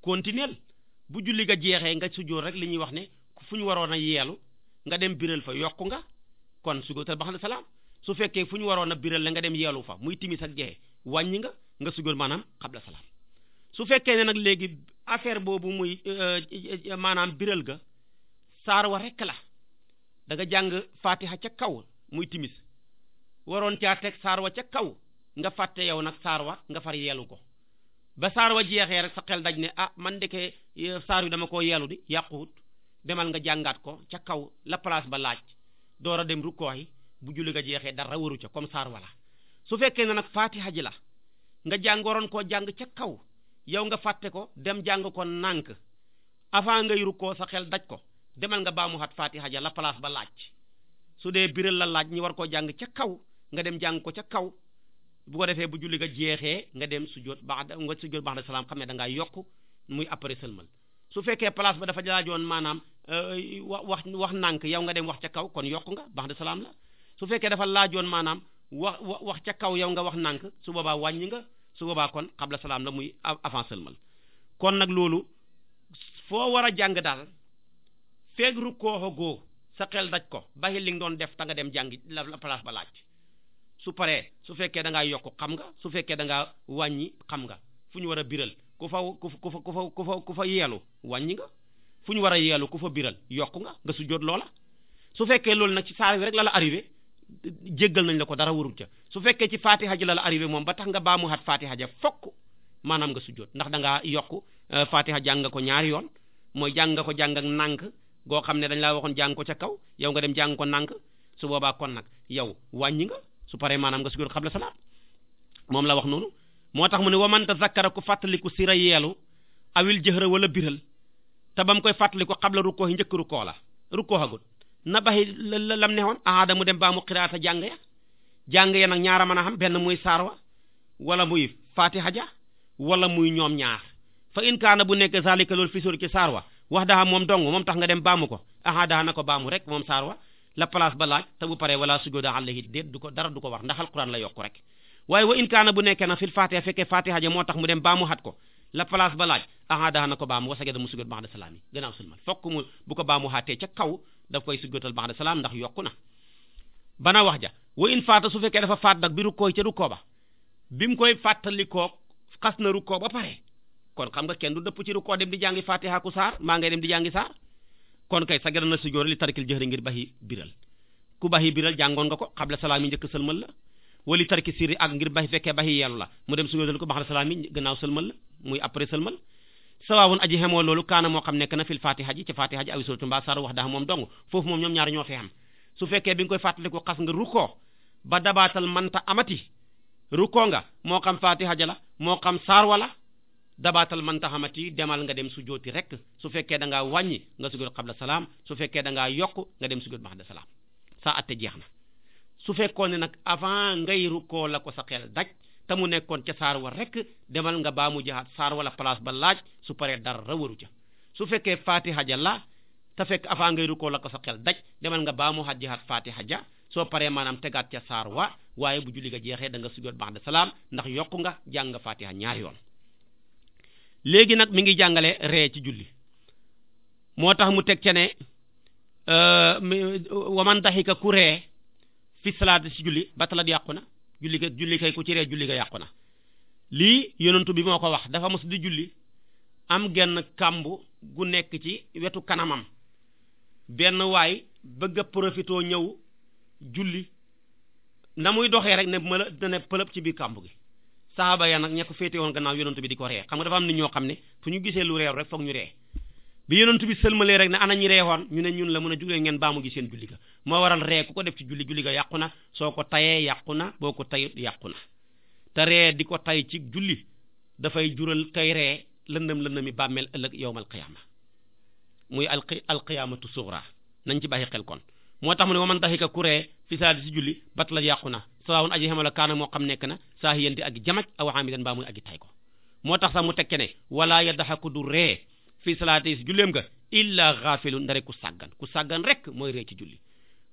continuel bu julli nga jeexee nga sujjóot rek li ñuy wax ne fu ñu waroon a yeelu nga dem biral fa yokk nga kon sujjóotal ba xam ne salaam su fekkee fu ñu waroon a biral la nga dem yeelu fa muy timis ak jeexee wàññi nga nga sujjóot maanaam xabla salaam su fekkee ne nag léegi affaire boobu muy euh, euh, euh, maanaam biral ga saar wa rek la da nga jàng fatiha ca kaw muy timis waroon caa teg saar wa ca kaw nga fàtte yow nag saar wa nga far yeelu ko ba saar wa jeexee rek sa xel daj ne ah man ndeke eh, saar wi dama ko yeelu di yàquwut demal nga jàngaat ko ca kaw la place ba laaj door a dem rukkoo bu julli nga jeexee dara waru ca comme saar wala su fekkee ne nag faatiha ji la nga jàng waroon koo jàng ca kaw yow nga fàtte ko dem jàng ko nànk avant ngay rukkoo sa xel daj ko demal nga baamu xat faatiha ja la place ba laaj su dee biral la laaj ñu war ko jàng ca kaw nga dem jàng ko ca kaw bu ko defee bu julli ga jeexee nga dem sujjóot ba'da nga sujjóot ba'da salaam xam ne da ngaa yokk muy après sëlmal su fekkee place ba dafa laajoon maanaam euh, wax wax nànk yow nga dem wax ca kaw kon yokk nga ba'da salaam la su fekkee dafa laajoon maanaam wax wax ca kaw yow nga wax nànk su boobaa wàññi nga su boobaa kon qabla salaam la muy avant sëlmal kon nag loolu foo war a jàng daal feeg rukkoo goo sa xel daj ko bàyyi li nga doon def ta nga dem jàngi la place ba laaj su paree su fekkee da ngaa yokk xam nga su fekkee da ngaa wàññi xam nga fu ñu war a biral ku fa ku fa ku fa ku ku fa yeelu wàññi nga fu ñu war a yelu ku fa biral yokk nga nga su jot loola su fekkee loolu nag ci saar wi rek la la jëggal nañ la ko dara warul ca su fekkee ci fatiha ji la la moom ba tax nga baamu xat fatiha ja fokk maanaam nga sujjóot ndax da ngaa yokk euh, fatiha jàng ko ñaari yoon mooy jàng ko jàng ak goo xam ne dañ laa waxoon jàng ko ca kaw yow nga dem jàng ko su boobaa kon nag yow su paree maanaam nga sujjóot xabla salaam moom la wax noonu moo tax mu ne waman tazakkara ku fàttaliku si ra yeelu awil jëxra wala biral te ba mu koy fàttaliku xabla rukkoo yi njëkk rukkoo la rukkoo agut na baxi la lam neexoon aada mu dem baa mu xiraata jàng ya jàng ya nag ñaara mën a xam benn muy saar wa wala muy fatiha ja wala muy ñoom ñaar fa in bu nekk zalika loolu fi sóor ci saar wa wax daha moom dong moom tax nga dem baamu ko aha la place ba laaj te bu paree wala sujuda alayhi déet du ko dara du ko war ndax alquran la yokku rek waaye wa in kaana bu nekkee na fil fatiha fekkee fatiha ja moo tax mu dem baa mu ko la place ba laaj ahaadaha na ko baa mu wa sajada mu sujud ba'da salaam yi gannaaw sulmal fokk ko baa mu xaatee ca kaw daf koy sujudal na wax ja wa in faata su fekkee dafa faat nag bi rukkooy ca rukkoo ba bi mu koy fàttalikoo xas na rukkoo ba pare kon xam nga kenn du dëpp ci rukkoo dem di jàngi fatiha ku saar maa ngay dem di jàngi saar kon kay sa gën na sujjóor li tarkil jëhri ngir baxi biral ku baxi biral jàngoon nga ko xabla salaam yi njëkk sëlmal la wali tarki sirri ak ngir baxi fekkee baxi yeelu mu dem sujjóotal ko baxal salaam yi gannaaw sëlmal la muy après loolu kaana moo xam nekk na fil fatiha ji ci fatiha ji awi suratu mbaa sar wax daa moom dong foofu moom ñoom ñaari ñoo fi am su fekkee bi nga koy fàttaliku xas nga rukkoo ba dabaatal manta amati rukkoo nga moo xam fatiha ja la moo xam saar walla dabaatal man taxamati demal nga dem sujooti rek su fekkee da ngaa wàññi nga sujoot xabla salaam su fekkee da ngaa yokk nga dem sujoot ba'da salaam saa atte jeex na su fekkoon ne nag avant ngay rukkoo la ko sa daj te mu nekkoon ca saar wa rek demal nga baa mu jaxaat saar wala place ba laaj paree dara waru ca su fekkee fatiha ja la te fekk avant ngay rukkoo la ko sa xel daj demal nga baa mu xaj jaxaat fatiha ja soo paree maanaam tegaat ca saar wa waaye bu julli ga jeexee da nga sujoot ba'da salaam ndax yokk nga jàng nga fatiha ñaar yoon léegi nag mi ngi jàngale ree ci julli moo tax mu teg ca ne euh, waman daxika ku ree fi salaat ci julli batalat yàqu na julli ka kay ku ci ree julli ka yàqu na lii yonentu bi moo ko wax dafa mos di julli am genn kàmb gu nekk ci wetu kanamam benn waay bëgg a ñëw julli na muy doxee rek ne ma la dana pëlëb ci biir kàmb gi saaba ya nag ña ko féete woon gannaaw yonentu bi di ko ree xam nga dafa am nit ñoo xam ne fu ñu gisee lu reew rek foog ñu ree bi yonentu bi sëlmalee rek ne ana ñi reewoon ñu ne ñun la mën a jugleen ngeen baamu gi seen julli moo waral ree ku ko def ci julli julli ga na soo ko tayee yàqu na boo ko tayut yàqu na te ree di ko tay ci julli dafay jural kay ree lëndëm lëndëmi bàmmeel ëllëg yowmal qiyaama muy alqi alqiyaamatu sughra nañ ci bàyyi xel kon moo tax mu ne waman daxika ku ree fi saadi julli bat la yàqu na sawawun aji xamala kaana moo xam nekk na saa hi yanti ak jamaj aw hamidan mbaa muy ak tay ko moo tax sax mu tekke ne wala yadhaku du ree fii salaati si julleem ka illa ghafilun ndare ku sàggan ku sàggan rek mooy ree ci julli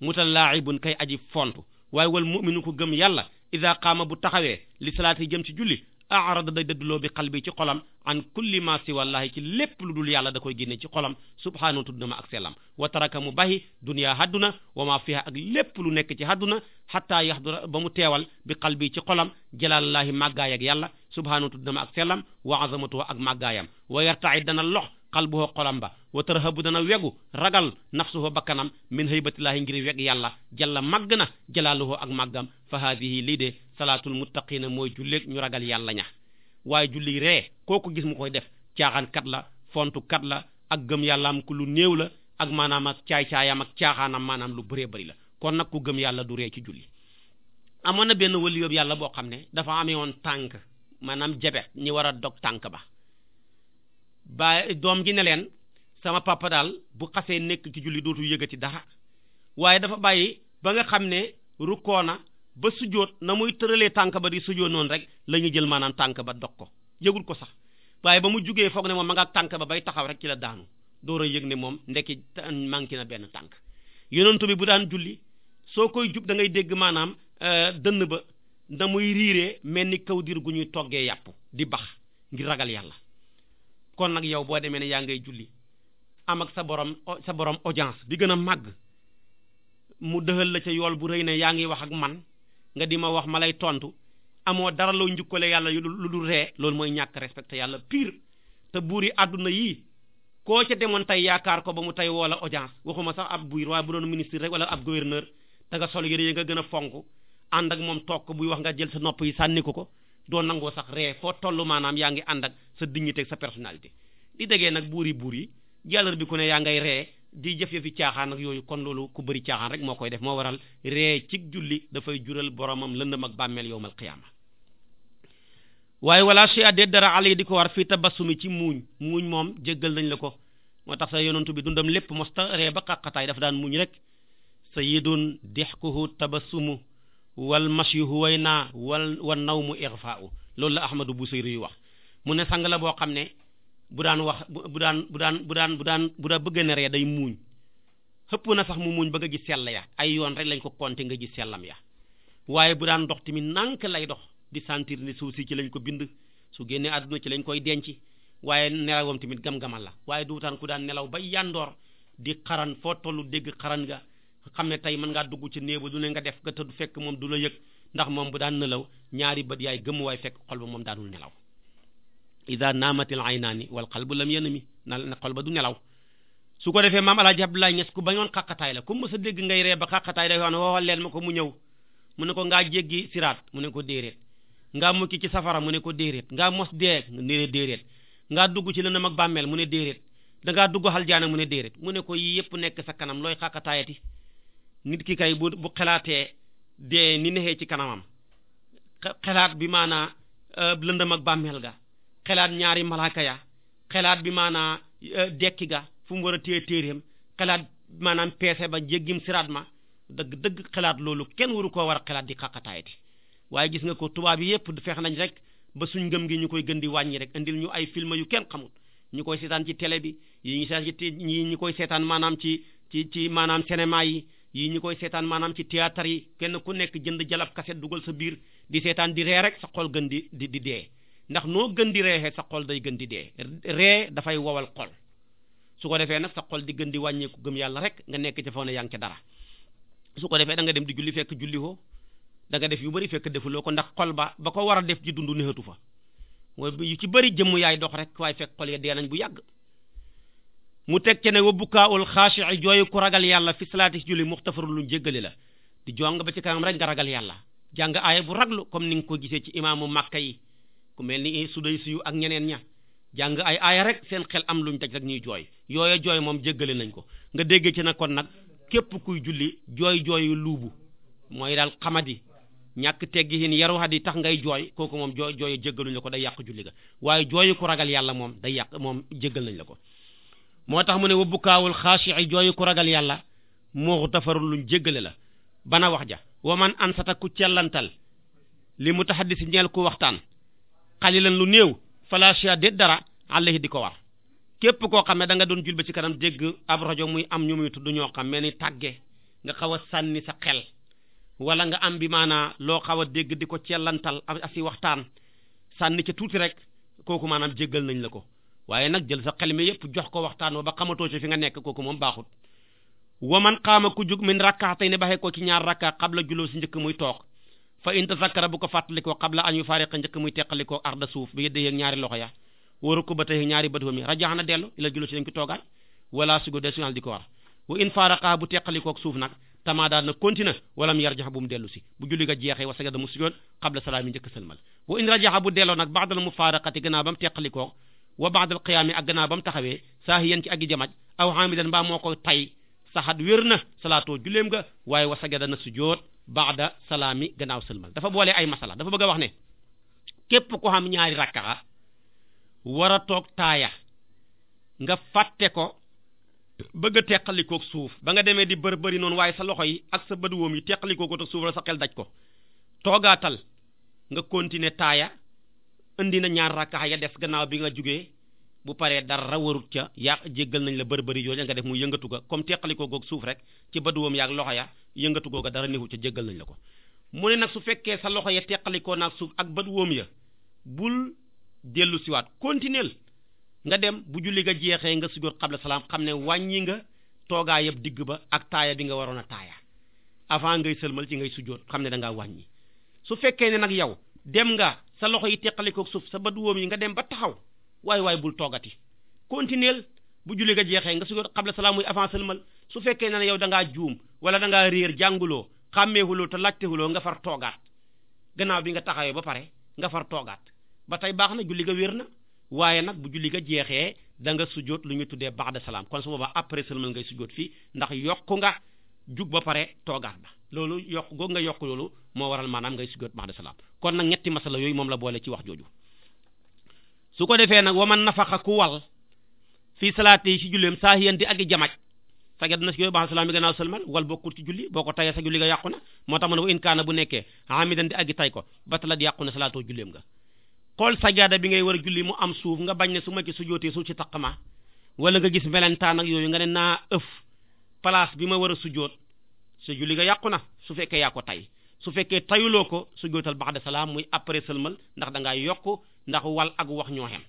mutalaa'ibun kay aji fontu waaye wal mu'minu ko gëm yàlla ida qaama bu taxawee li salaati jëm ci julli arada day dëdduloo bi qalbi ci xolam an kulli ma siwallahi ci lépp lu dul yàlla da koy génne ci xolam subhaanahu tudd na ma ak sellam wa taraka mu bahi duniya hadduna wa ma fiha ak lépp lu nekk ci hadduna hatta yahdura ba mu teewal bi qalbi ci xolam jalalallahi màggaay ak yàlla subhaanahu tudd na ma ak sellam wa azamatuhu ak màggaayam wa yartaid dana lox xalbuhu xolam ba wa bu dana wegu ragal nafsuhu bakkanam min haybatillaahi ngir weg yàlla jalla màgg na jalaaluhu ak màggam fa haadihi lii de salaatul muttaqiina mooy julleeg ñu ragal yàlla ña waaye julli ree kooku gis mu koy def caaxaan kat la fontu la ak gëm yàllaam ku lu néew la ak maanaam ak caay-caayam ak caaxaanam maanaam lu bëree bëri la kon nag ku gëm yàlla du ree ci julli amoon na benn wëli yóbbu yàlla boo xam ne dafa amee woon tànk maanaam jabet ñi war a dog tànk ba baay doom ji ne leen sama papa daal bu xasee nekk ci julli dootu yëgati dara waaye dafa bàyyi ba nga xam ne rukkoo na ba sujjóot na muy tëralee tànk ba di sujjóot noonu rek la ñu jël maanaam tànk ba dog ko yëgul ko sax waaye ba mu jugee foog ne moom ma nga tànk ba bay taxaw rek ci la daanu door a yëg ne moom ndekki manqué na benn tànk yonentu bi bu daan julli soo koy jub da ngay dégg maanaam euh, dënn ba na muy riiree mel ni kaw dir gu ñuy toggee yàpp di bax ngir ragal yàlla kon nag yow boo demee ne yaa ngay julli am ak sa borom sa borom audience bi gën a màgg mu dëxal la ca yool bu rëy ne yaa ngi wax ak man nga di ma wax ma lay tontu amoo dara loo njukkale yàlla lu dul ree loolu mooy ñàkk respecté yàlla pire te buur yi àdduna yii koo ca demoon tey yaakaar ko ba mu tey woola audience waxuma sax ab buy waaye bu doon ministre rek wala ab gouverneur danga nga sol yére yi nga gën a fonk ànd ak moom toog ko buy wax nga jël sa nopp yi sànni ko ko doo nangoo sax ree foo toll maanaam yaa ngi ànd ak sa dignité sa personnalité di déggee nag buur yi buur yi jàllar bi ko ne yaa ngay ree di jëf yëfi caaxaan ak yooyu kon loolu ku bëri caaxaan rek moo koy def moo waral ree ci julli dafay jural boromam lëndëm ak bàmmeel yowmal qiyaama waaye wala shay'a de dara ale di ko war fii tabassumi ci muuñ muuñ moom jéggal nañ la ko moo tax sa yonentu bi dundam lépp mosta ree ba xaqataay dafa daan muuñ rek sayyidun dihkuhu tabassumu wal masyu naa wal wa mu nawmu irfaau loolu la ahmadu busayri yu wax mu ne sang la boo xam ne bu daan wax bu daan bu daan bu daan bu daan bu daan bëgg na ree day muuñ xëpp na sax mu muuñ ba nga gis sell ya ay yoon rek lañ ko konte nga gis sellam ya waaye bu daan dox tamit nànk lay dox di sentir ni suuf ci lañ ko bind su génnee àdduna ci lañ koy denc waaye nelawam tamit gam-gamal la waaye du wutaan ku daan nelaw ba yandoor di xaran foo tollu dégg xaran nga xam ne tey mën ngaa dugg ci néebu du ne nga def nga tëdd fekk moom du la yëg ndax moom bu daan nelaw ñaari bët yaay gëmm waay fekk xol ba moom daanul nelaw ida naamatil aynaani wal qalbu lam yanami na xol ba du nelaw su ko defee maam alaaji abdoulaye ñes ku bañoon xaqataay la comme mës a dégg ngay ree ba xaqataay day wax ne waxal leen ma ko mu ñëw mu ne ko ngaa jéggi siraat mu ne ko déeréet ngaa mukki ci safara mu ne ko déeréet ngaa mos dee ne déeréet ngaa dugg ci lëndëm ak bàmmeel mu ne déeréet dangaa dugg xal jaana mu ne déeréet mu ne ko yii yëpp nekk sa kanam looy xaqataayati nit ki kay bu bu xelaatee dee ni nexee ci kanamam xelaat bi maanaa e, lëndëm ak bàmmeel ga xelaat ñaari malaaka ya xelaat bi maanaa e, dekki ga fu mu war a téye téeréem xelaat maanam peese ba jéggim siraat ma dëgg dëgg xelaat loolu kenn waru koo war a xelaat di xaqataayati waaye gis nga ko tubaab yi yëpp feex nañ rek ba suñ ngëm ngi ñu koy gën di wàññi rek indil ñu ay film yu kenn xamul ñu koy seetaan ci tele bi yi ñu seetaan ci ñu koy seetaan maanaam ci ci ci maanaam cinéma yi yii ñu koy seetaan maanaam ci théâtre yi kenn ku nekk jënd jalab kaset dugal sa biir di seetaan di ree rek sa xol gën di di di dee ndax noo gën di reexee sa xol day gën di dee ree dafay wowal xol su ko defee nag sa xol di gën di wàññeeku gëm yàlla rek nga nekk ca foo ne dara su ko defee da nga dem di julli fekk julli ko danga def yu bari fekk defuloo ko ndax xol ba ba ko war a def ji dund néxatu fa yu ci bari jëmm yaay dox rek waaye fekk xol ya dee nañ bu yàgg mu teg ce ne wa bukkaawul xaashi'i jooyu ku ragal yàlla fi salaati julli muxtafarul lu jéggale la di jong ba ci kanam rek nga ragal yàlla jàng aaya bu raglu comme ni nga ko gisee ci imaamu Makka yi ku mel ni su suday suyu ak ñeneen ña jàng ay aaya rek seen xel am lu ñu daj rek ñuy jooy yooya jooy moom jéggale nañ ko nga déggee ci na kon nag képp kuy julli jooy jooy luubu mooy daal xamadi ñàkk teggihin yaruhat yi tax ngay jooy kooku moom jooy jooyu jéggaluñ ko day yàq julli ga waaye jooyu ku ragal yàlla moom day yàq moom jéggal nañ la ko moo tax mu ne wa bukkaawul xaashi'i jooyu ku ragal yàlla mooxu tafarul luñ jéggale la bana wax ja wa man ansata ku cellantal li mu taxaddisi ñeel ku waxtaan xalilan lu néew falacia dét dara àllahi di ko war képp koo xam ne da doon jul ci kanam dégg ab rajo muy am ñu muy tudd ñoo xam mel ni tàgge nga xaw a sànni sa xel wala nga am bi maanaa loo xaw a dégg di ko cellantal asi waxtaan sànni ca tuuti rek kooku maanaam jéggal nañ la ko waaye nag jël sa xel mi yépp jox ko waxtaan wa ba xamatoo ci fi nga nekk kooku moom baaxut wa man xaama ku jug min rakka tey ne baxee ko ci ñaar rakka xabla juloo si njëkk muy toog fa in tasakkara bu ko fàttalikoo xabla an yu fariqa njëkk muy teqalikoo arda suuf bi ñaari loxo ya waru ko ba tey ñaari bët mi rajax na dellu ila juloo si dañ ko toogaat wala sugo desunal di ko war wa in faraqa bu teqalikoog suuf nag tamaa daal na continue walam yarjax bu mu dellu si bu julli ga jeexee wa sagada mu sujjoon xabla salaam yi njëkk sëlmal wa in rajaxa bu delloo nag ba'dal mufaaraqati gannaaw ba mu teqalikoog wa ba'dal qiyaami ak gannaaw ba mu taxawee saahiyan ci agi jamaj aw hamidan mbaa moo koy tay saxat wér na salaatoo julleem nga waaye wa sajada na sujood ba'da salaami gannaaw sëlmal dafa boole ay masala dafa bëgg a wax ne képp ko xam ñaari rakka war a toog taaya nga fàtte ko bëgg a teqalikoog suuf ba nga demee di bër bëri noonu waaye sa loxo yi ak sa bët woom yi teqalikoo ko te suuf la sa xel daj ko toogaatal nga continuer taaya indi na ñaar rakka ya des gannaaw bi nga jugee bu paree dara warut ca yaa jéggal nañ la bërbëri yooyu nga def mu yëngatu ga comme teqalikoo goog suuf rek ci baduwam ak loxo ya yëngatu googa dara néewu ca jéggal nañ la ko mu ne nag su fekkee sa loxo ya teqalikoo nag suuf ak woom ya bul dellu siwaat continuel nga dem bu julli ga jeexee nga sujjóot xabla salaam xam ne wàññi nga toogaayab digg ba ak taaya bi nga waroon a taaya avant ngay sëlmal ci ngay sujjóot xam ne da wàññi sa loxo yi teqalikook suuf sa bët wóom yi nga dem ba taxaw waay waay bul toogati continuel bu julli nga jeexee nga sujjóot xabla salaam muy avant sëlmal su fekkee ne yow da ngaa juum wala da réer jànguloo xàmmeehuloo te laajtehuloo nga far toogaat gannaaw bi nga taxawee ba pare nga far toogaat ba tey baax na julli nga wér na waaye nag bu julli nga jeexee da nga sujjóot lu ñu tuddee ba'da salaam kon su boobaa après sëlmal ngay sujjóot fii ndax yokku nga jug ba pare toogaat ba loolu yokk goog nga yokk loolu moo waral maanaam ngay sujjóot ba'da salaam kon nag ñetti masala yooyu moom la boole ci wax jooju su ko defee nag waman nafaxa ku wal fii salaate yi ci julleem saa yéen di ak i jamaj sage dana si yooyu ba'da salaam yi gannaaw sëlmal wal bokkul ci julli boo ko tayee sa julli nga yàqu na moo tax ma ne wa bu nekkee amidan di ak i tay ko batalat yàqu na salaatoo julleem nga xool sajaada bi ngay war a julli mu am suuf nga bañ ne su ma ci sujjóotee suuf ci taqma wala nga gis melentaan ak yooyu nga ne naa ëf place bi ma war a sujjóot sa julli nga yàqu na su fekkee yaa ko tay su fekkee tayuloo ko sujjóotal ba'da salaam muy après sëlmal ndax da yokk ndax wal ak wax ñoo xem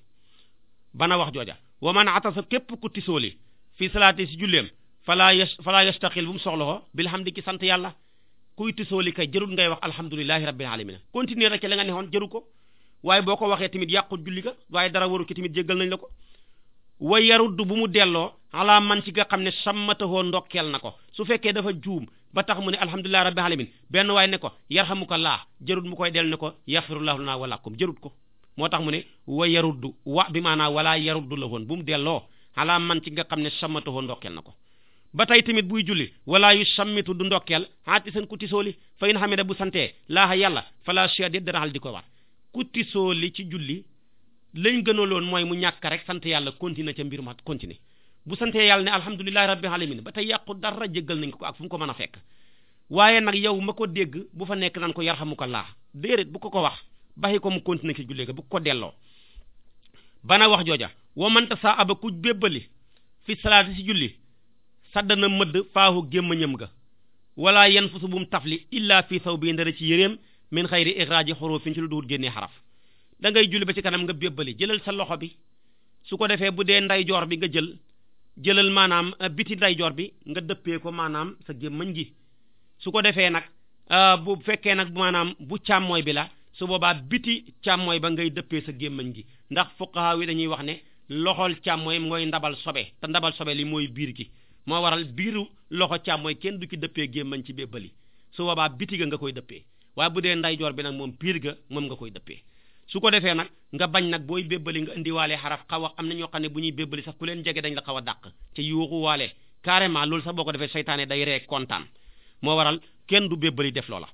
bana wax jooja wa man atasa képp ku tisooli fii salaati si julleem falaa yash falaa yastaqil bu mu soxlaxoo bilhamdi ki sant yàlla kuy tisooli kay jërul ngay wax alhamdulillahi rabbil alamin continuer rek la nga neexoon jëru ko waaye boo ko waxee tamit yàqu julli ga waaye dara waru ki tamit jéggal nañ la ko wa du bu mu delloo ala man ci nga xam ne sammatahoo ndokkeel na ko su fekkee dafa juum ba tax mu ne alhamdulillahi rabbil alamin benn waay ne ko ko laa jërut mu koy del ne ko la naa wa lakum jërut ko moo tax mu ne wa du wa bi maanaam wala du la woon bu mu delloo ala man ci nga xam ne sammatahoo ndokkeel na ko ba tey tamit buy julli wala yu sammitu du ndokkeel haati seen ku tisooli fa in hamida bu santee laaha yàlla fala shia dét xal di koy war ku tisooli ci julli lañ gënaloon mooy mu ñàkk rek sant yàlla continuer ca mbir ma continuer bu santee yàlla ne alhamdulillahi rabbil alamin ba tey yàqu dara jéggal nañ ko ak fu mu ko mën a fekk waaye nag yow ma ko dégg bu fa nekk naan ko ko yarhamukallah déedéet bu ko ko wax baxi ko mu continuer ci jullee ga bu ko delloo bana wax jooja wa manta saa aba ku bébbali fi salaati si julli na mëdd faahu gémmañam ga wala yan fusu bu mu li illa fii saw bii ndara ci yéreem min xayri ixraaji xurufin ci lu duhut génnee xaraf da ngay julli ba ci kanam nga bébbali jëlal sa loxo bi su ko defee bu dee ndeyjoor bi nga jël jëlal maanaam euh, biti ndeyjoor bi nga dëppee ko maanaam sa gémmañ gi su ko defee nag euh, bu fekkee nag maanaam bu càmmooy bi la su boobaa biti càmmooy ba ngay dëppee sa gémmañ gi ndax fuqaha yi dañuy wax ne loxol càmmooy mooy ndabal sobe ndabal sobe li mooy biir gi moo waral biiru loxo càmmooy kenn du ki dëppee gémmañ ci bébbali su boobaa biti ga nga koy dëppee waaye bu dee ndeyjoor bi nag moom biir ga moom nga koy dëppee su ko defee nag nga bañ nag booy bébbali nga indiwaale xaraf xaw am na ñoo xam ne bu ñuy bébbali sax ku leen jege dañ la xaw a dàq ca yuuxuwaale carrément loolu sax boo ko defee day ree kontaan moo waral kenn du bébbali def loola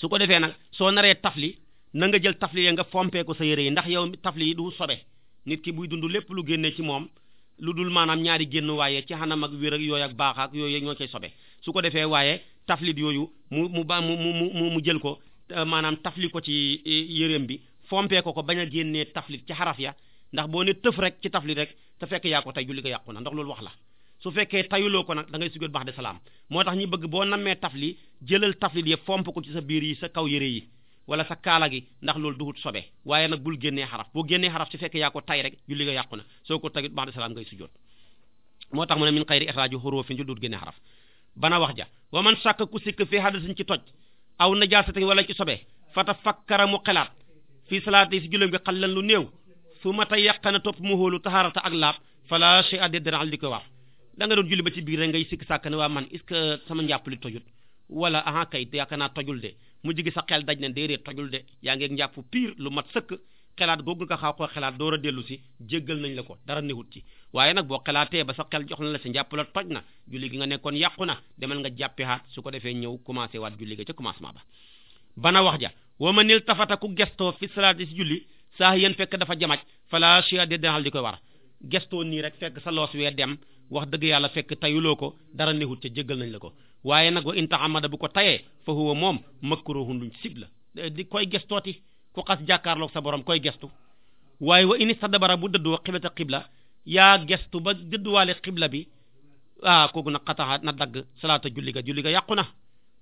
su ko defee nag soo naree tafli na nga jël tafli nga fompee ko sa yére yi ndax yow tafli yi du sobe nit ki buy dund lépp lu génnee ci moom lu dul maanaam ñaari génn waaye ci xanam ak wér ak yooyu ak baax ak yooyu ñoo cay sobe su ko defee waaye taflit yooyu mu mu ba mu mu mu mu jël ko Euh, maanaam tafli ko ci e, yëreem bi fompee ko ko bañ a génnee taflit ci xaraf ya ndax boo ne tëf rek ci taflit rek te fekk yaa ko tey julli ko yàqu na ndax loolu wax la su fekkee tayuloo ko nag da ngay sujjóot ba'da moo tax ñi bëgg boo nammee tafli jëlal taflit ya ko ci sa biir sa kaw yëre yi wala sa kaala gi ndax loolu duhut sobe waaye nag bul génnee xaraf boo génnee xaraf su fekkee yaa ko tay rek julli nga yàqu na soo ko tagit ba'da salaam ngay sujjóot moo tax mu ne min xayri ixraaju xurufin ju duut génnee xaraf bana wax ja wa man sàkk ku sikk fii hadasin ci toj aw najaasati wala ci sobe fata fakkara mu xelaat fii salaati si julleem gi xallan lu néew su ma ta yàqana topp mu hóolu taxaarata ak laab fala che a dédéral di ko wa da nga doon julli ba ci biir rek ngay sikk sàkk ne waa man est-ce que sama njàpp tojut wala aha kay naa tojul de mu jigi sa xel daj ne déedéet tojul de yaa ngeeg njàpp pire lu mat sëkk xelaat googu nga xaw koo xelaat door a dellu si jéggal nañ la ko dara newut ci waaye nag boo xelaatee ba sa xel jox na la sa njàpp la toj na julli gi nga nekkoon yàqu na demal nga jàppi haat su ko defee ñëw commencé waat julli ga ca commencement ba bana wax ja wa ma nil tafata ku gestoo fi salaati si julli saa yéen fekk dafa jamaj fala chia de denal di koy war gestoo nii rek fekk sa loos wee dem wax dëgg yàlla fekk tayuloo ko dara newut ca jëggal nañ la ko waaye nag wa intahamada bu ko tayee fa huwa moom makruhun luñ sib la di koy ku xas jàkkaarloog sa borom koy gestu waaye wa ini sadabara bu dëddoo xiblata xibla yaa gestu ba dëdduwaale xibla bi ah kooku nag xataxa na dagg salaata julli ga julli ga yàqu na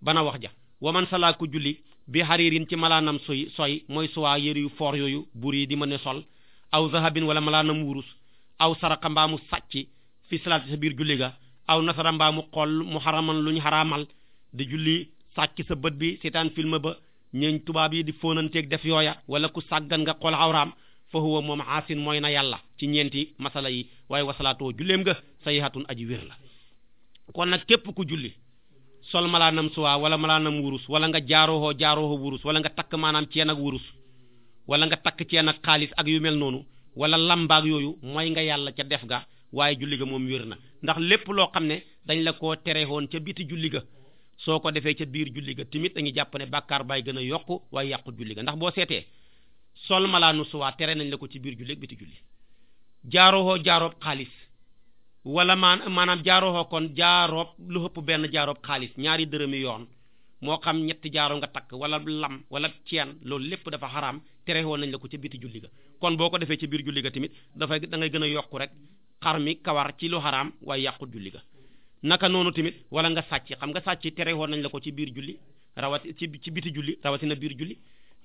bana wax ja wa man salaa ku julli bi xariirin ci malaanam soy soy mooy suwaa yëri yu foor yooyu bur yi di mën a sol aw zahabin wala malaanam wurus aw saraka mbaamu sàcc fi salaati sa biir julli ga aw nasara mbaamu xool mu xaraman lu ñu xaraamal di julli sàcc sa bët bi seetaan film ba ñeeñ tubaab yi di fóonanteeg def yooya wala ku sàggan nga xool awraam fa huwa moom aasin mooy na yàlla ci ñeenti masala yi waaye wasalaatoo julleem nga sayhatun aji wér la kon nag képp ku julli sol malaanam suwaa wala malaanam wurus wala nga jaaroohoo jaaroohoo wurus wala nga takk maanaam ceen ak wurus wala nga takk ceen ak xaalis ak yu mel noonu wala lambaag yooyu mooy nga yàlla ca def ga waaye julli ga moom wér na ndax lépp loo xam ne dañ la koo terewoon ca biti julli soo ko defee ca biir julli ga tamit dañuy jàpp ne bàkkaar bay gën a yokk waaye yàqu julli ga ndax boo seetee sol malaanu suwaa tere nañ la ko ci biir julli ak biti julli jaarooxoo jaaroob xaalis wala maan maanaam jaarooxoo kon jaaroob lu benn jaaroob xaalis ñaari dërëmi yoon moo xam ñetti jaaro nga takk wala lam wala ceen loolu lépp dafa xaraam tere woon nañ la ko ca biti julli kon boo ko defee ci biir julli ga tamit dafay da ngay gën a yokk rek xar mi kawar ci lu xaraam waaye yàqu julli ga naka noonu tamit wala nga sàcc xam nga sàcc tere woon nañ la ko ci biir julli rawati ci ci biti julli rawatina biir julli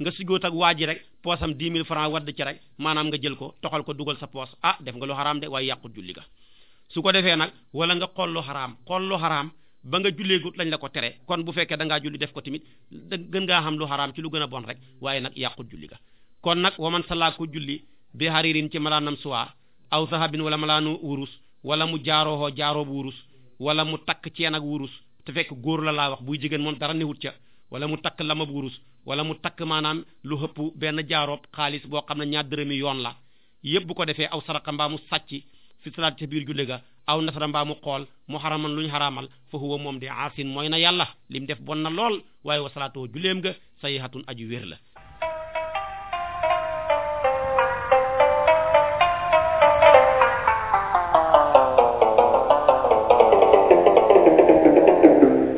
nga sigoot ak waa ji rek poosam dix mille francs wadd ci rek maanaam nga jël ko toxal ko dugal sa poos a ah, def nga lu xaraam de waaye yàqut julli ga su ko defee nag wala nga xool lu xaraam xool lu xaraam ba nga julleegut lañ la ko tere kon bu fekkee da ngaa julli def ko tamit da gën ngaa xam lu xaraam ci lu gën a bon rek waaye nag yàqut julli ga kon nag waman salaa ko julli bi haririn ci malaanam suwaar aw sahabin wala malaanu wurus wala mu jaaroohoo jaaroobu wurus wala mu takk ceen ak wurus te fekk góor la laa wax buy jigéen moom dara newut ca wala mu takk lamab wurus wala mu takk maanaam lu hëpp benn jaaroob xaalis boo xam ne ñaar dërëmi yoon la yëpp bu ko defee aw saraqa mbaamu mu sàcc fi salaat ca biir ga aw nasara mbaa mu xool mu xaraman lu ñu xaraamal fa huwa moom di aasin mooy na yàlla lim def bon na lool waaye wasalaatoo julleem ga sa sayhatun aju wér la